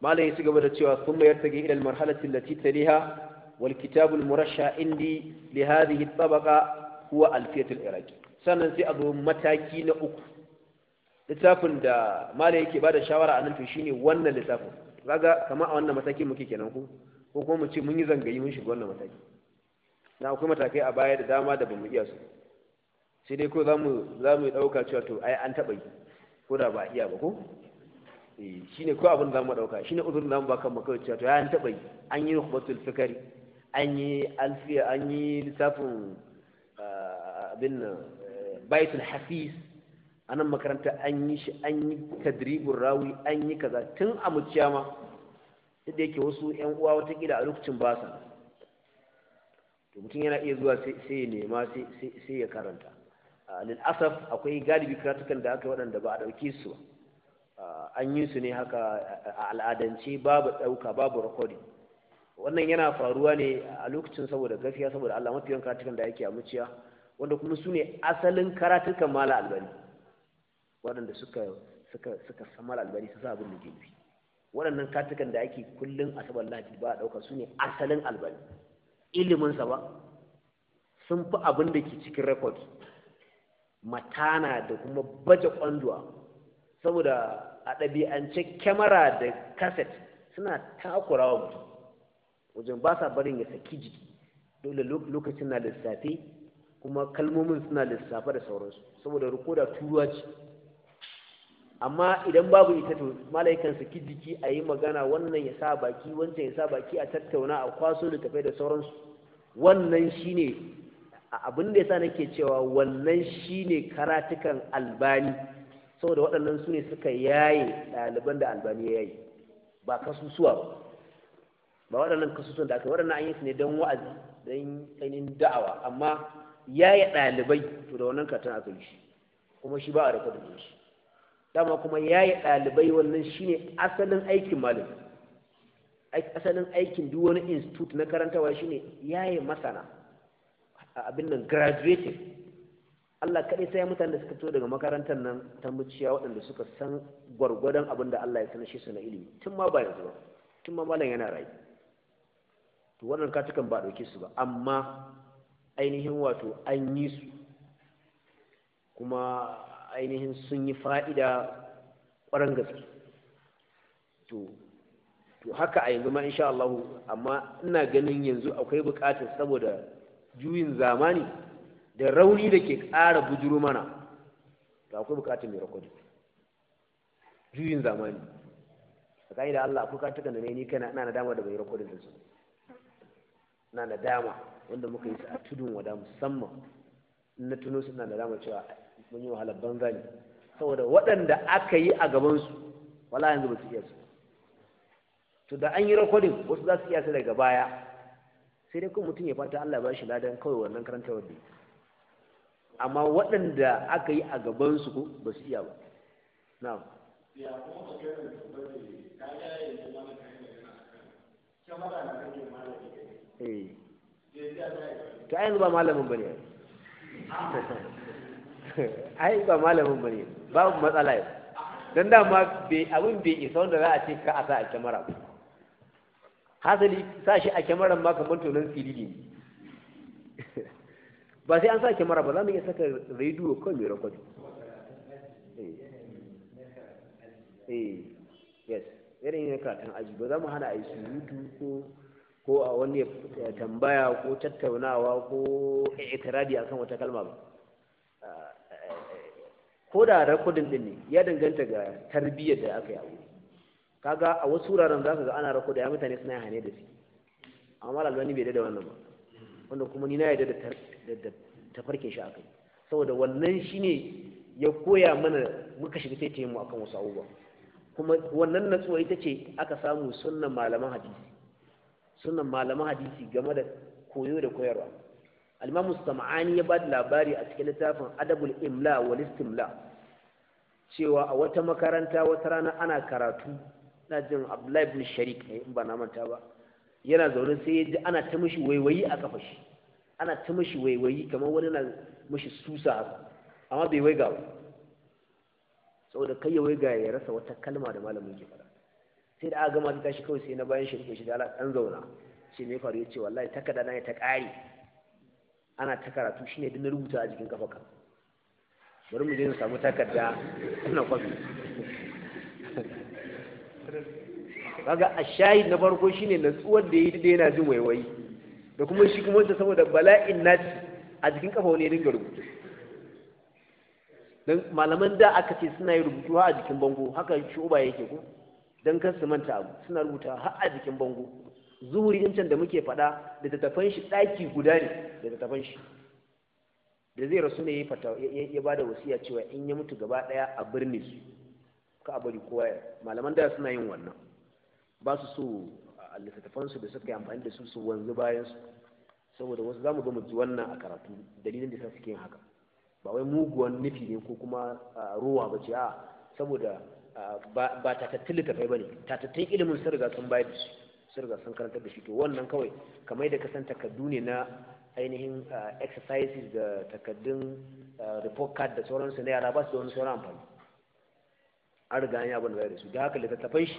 malam ya ci gaba da cewa sun mayar ta ilal marhalatin lati taliha wal kitabul murasha indi li hadhihi tabaqa huwa alfiyatul iraqi sannan sai a zo mataki na uku littafin da mala yake bada shawara a nan to shine wannan littafin kaga kamar a wannan mataki muke kenan ko ko kuma mu ce mun yi zangayi mun shiga wannan mataki na akwai matakai a baya da dama da bamu iya su sai dai ko za mu za mu dauka cewa to ai an taba yi ko da ba iya ba ko eh shine ko abin da zamu dauka shine uzurin zamu kan maka cewa to ai an taba yi an yi rukhbatul fikari an yi alfiya an yi littafin Eh, abin nan eh, baitul hafiz a makaranta an yi shi an yi tadribin rawi an yi kaza tun a muciya ma duk da yake wasu yan uwa watakila a lokacin ba sa to mutum yana iya zuwa sai ya nema sai ya karanta ah, lil asaf akwai galibi karatukan da aka waɗanda ba a ɗauke su ah, an yi su ne haka a al'adance babu ɗauka babu recording wannan yana faruwa ne a lokacin saboda gaskiya saboda Allah mafi yawan karatukan da yake a muciya wanda kuma su ne asalin karatukan mala albani waɗanda suka suka suka san albani su sa abin da ke waɗannan karatukan da ake kullum asabar lahadi ba a ɗauka su ne asalin albani iliminsa ba sun fi abin da ke cikin rekod matana da kuma baje kwanduwa saboda a ɗabi'ance kyamara da kaset suna takurawa mutum wajen ba sa barin ya saki jiki dole lokacin na lissafe kuma kalmomin suna lissafa da sauransu saboda ruko da turuwa ce amma idan babu ita to malaikan saki jiki a yi magana wannan ya sa baki wancan ya sa baki a tattauna a kwaso da tafai da sauransu wannan shine abin da yasa nake cewa wannan shine karatukan albani saboda waɗannan su ne suka yaye ɗaliban da albani ya yayi ba kasusuwa ba ba waɗannan kasusun da aka waɗannan an yi su ne don wa'azi don ainihin da'awa amma ya yi ɗalibai to da wannan katon aka yi shi kuma shi ba a rikon da shi dama kuma ya yi ɗalibai wannan shi ne asalin aikin malam asalin aikin duk wani institute na karantawa shi ne ya yi masana a abin nan graduated Allah kaɗai sai mutane da suka fito daga makarantar nan ta muciya waɗanda suka san gwargwadon abin da Allah ya sanar shi su na ilimi tun ma ba yanzu ba tun ma malam yana rayu to wannan katukan ba ɗauke su ba amma ainihin wato an yi su kuma ainihin sun yi fa'ida ƙwarar gaske to to haka a yanzu ma insha Allah amma ina ganin yanzu akwai buƙatar saboda juyin zamani da rauni da ke ƙara bujuru mana to akwai buƙatar mai rakodi juyin zamani a da Allah akwai katukan da ne ni kana ina dama da bai rakodin da su na nadama wanda muka yi su a tudun wada musamman na tuno suna nadama cewa mun yi wahalar banza ne saboda waɗanda aka yi a gabansu wala yanzu ba su iya su to da an yi rakodin wasu za su iya su daga baya sai dai kuma mutum ya fata Allah ba shi ladan kawai wannan karanta wadda amma waɗanda aka yi a gabansu ko ba su iya ba na'am ya yi da Eh. to ai ba malamin bane *laughs* ai ba malamin bane babu matsala yau dan dama abin bai isa wanda za a ce ka a sa a kyamara hasali sa shi a kyamara ma kamar tonon tsiriri. ne *laughs* ba sai an sa kyamara ba za mu iya saka rediyo kawai mai rakwado eh. eh yes irin yin karatun aji ba za mu hana a yi surutu ko ko a wani tambaya ko tattaunawa ko itiradi akan wata kalma ba ko da rakodin din ne ya danganta ga tarbiyyar da aka yi a wuri kaga a wasu wuraren za ka ga ana rakoda ya mutane suna hane da su amma lalwani bai da wannan ba wanda kuma ni na yarda da tafarkin shi akai saboda wannan shi ne ya koya mana muka shiga sai mu akan wasu abubuwa kuma wannan natsuwa ita ce aka samu sunnan malaman hadisi sunan malama hadisi game da koyo da koyarwa al-imam sam'ani ya bada labari a cikin littafin adabul imla wal istimla cewa a wata makaranta wata rana ana karatu na jin abdullahi bin sharik ne in ba na manta ba yana zaune sai ya ji ana ta mishi waiwayi a kafa shi ana ta mishi waiwayi kamar wani na mishi susa haka amma bai waiga ba saboda kai ya waiga ya rasa wata kalma da malamin ke faɗa sai da aka gama ta tashi kawai sai na bayan shi rike shi da Allah dan zauna shi me faru yace wallahi takarda na ta ƙari ana ta karatu shine na rubuta a jikin kafaka bari mu je mu samu takarda ina kwafi kaga shayi na farko shine tsuwar da yi da yana jin waiwai. da kuma shi kuma wanda saboda bala'in nati a jikin kafa wani dinga rubutu dan malaman da aka ce suna yi rubutu a jikin bango haka shuba yake ko don kan su manta abu suna rubuta har a jikin bango zuhuri in can da muke faɗa da tattafan shi ɗaki guda ne da tattafan shi da zai rasu ne ya ba da wasiya cewa in ya mutu gaba ɗaya a birni su ka bari kowa ya malaman da suna yin wannan ba su so a su da suka yi amfani da su su wanzu bayan su saboda wasu zamu ga mu ji wannan a karatu dalilin da suke yin haka ba wai muguwan nufi ne ko kuma ruwa ba ce a saboda ba tattun littafai ba ne tattun ilimin sun riga sun bayar da su sun riga sun karanta da shi to wannan kawai kamar da kasan takardu ne na ainihin ah, exercises da takardun ah, report card da sauransu na yara ba su da wani sauran amfani an riga an yi abin da da su da haka littattafan shi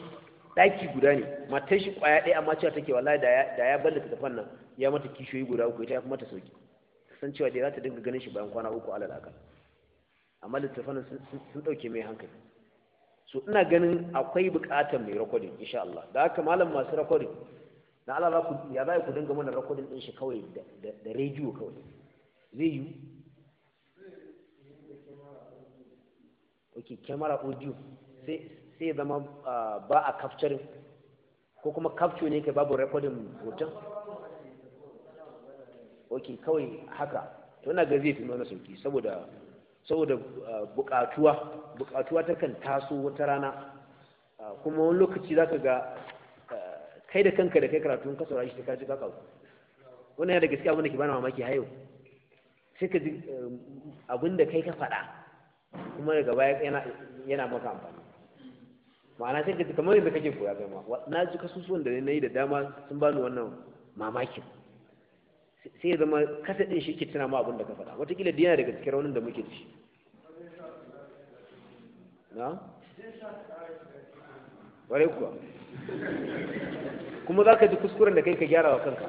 ɗaki guda ne matan shi ƙwaya ɗaya amma cewa take wallahi da ya bar littattafan nan ya mata kishiyoyi guda uku ita ya kuma ta sauki san cewa dai za ta dinga ganin shi bayan kwana uku alal akal amma littattafan sun ɗauke mai hankali so ina ganin akwai bukatar mai recording insha Allah da haka malam masu recording na Allah ku ya za ku dinga mana recording din shi kawai da radio kawai zai yi okay camera audio sai sai zama ah, ba a kafcarin ko kuma capture ne kai babu recording hoton okay kawai haka to ina ga zai fi mana sauki saboda saboda ah, bukatuwa bukatuwa takan taso wata rana ah, kuma wani lokaci zaka ga ah, kai da kanka da kai karatu ka saurari shi ka ji ka kawo wannan da gaskiya abin da ke bana mamaki ha yau sai ka ji abin da kai ka faɗa kuma daga baya yana yana maka amfani ma'ana sai ka ji kamar yadda kake koya kai ma na ji kasusuwan da na yi da dama sun bani wannan mamakin sai zama kasa ɗin shi ke tuna ma abin da ka faɗa watakila da yana daga cikin raunin da muke shi na? ware kuwa kuma za ka ji kuskuren da kai ka gyara wa kanka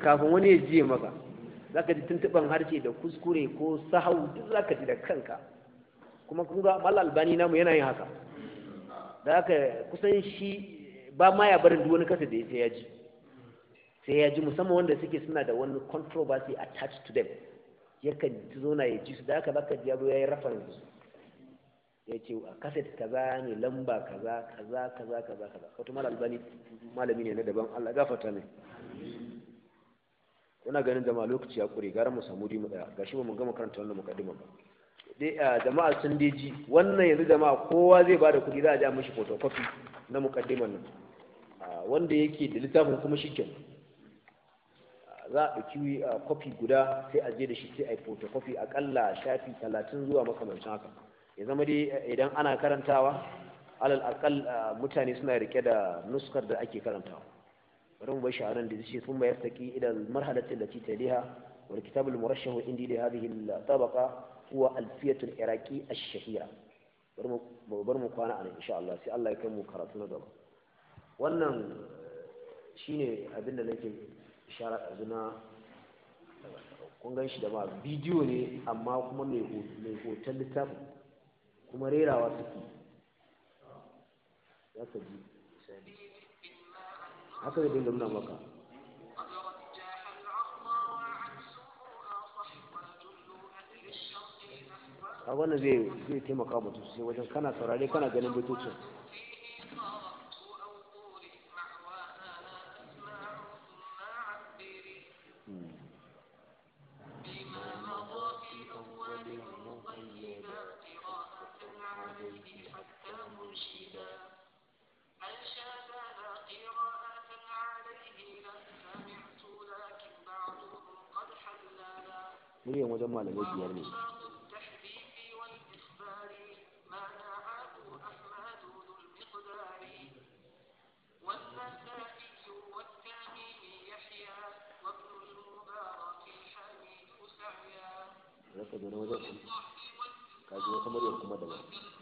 kafin wani ya jiye maka za ka ji tuntuɓan harshe da kuskure ko sahau duk za ka ji da kanka kuma kun ga mal albani namu yana yin haka da haka kusan shi ba ma ya barin duk wani kasa da ya ji sai ya ji musamman wanda suke suna da wani controversy attached to them ya yakan zona ya ji su da aka baka diablo ya yi reference ya ce a kaset kaza ne lamba kaza kaza kaza kaza kaza wato mal albani malami ne na daban Allah gafarta ne kuna ganin jama'a lokaci ya kure gara mu samu dimu daya gashi mu gama karanta wannan mukaddima ba jama'a sun deji wannan yanzu jama'a kowa zai bada kuɗi za a ja mishi photocopy na mukaddiman nan wanda yake da littafin kuma shi za a ɗauki kwafi guda sai a je da shi sai a yi photocopy akalla shafi talatin zuwa makamancin haka ya zama dai eh, idan ana karantawa alal akal mutane suna rike da nuskar da ake karantawa bari mu bar shi da zai sun bayar saki idan marhalatin da ta liha wal kitab al murashshahu indi da hadhihi al tabaqa huwa alfiyatul iraqi ash shahira bari mu kwana anan insha Allah sai Allah ya kai mu karatu na gaba wannan eh, shine abin da nake ishara zina na gan shi da ba bidiyo ne amma kuma mai hoton littafin kuma rerawa suke za ka ji haka da dinga nuna maka a wannan zai taimaka mutu sai wajen kana saurare kana ganin bitocin miliyan wajen malamai biyar ne ka da wajen kaji wata muryar kuma daban.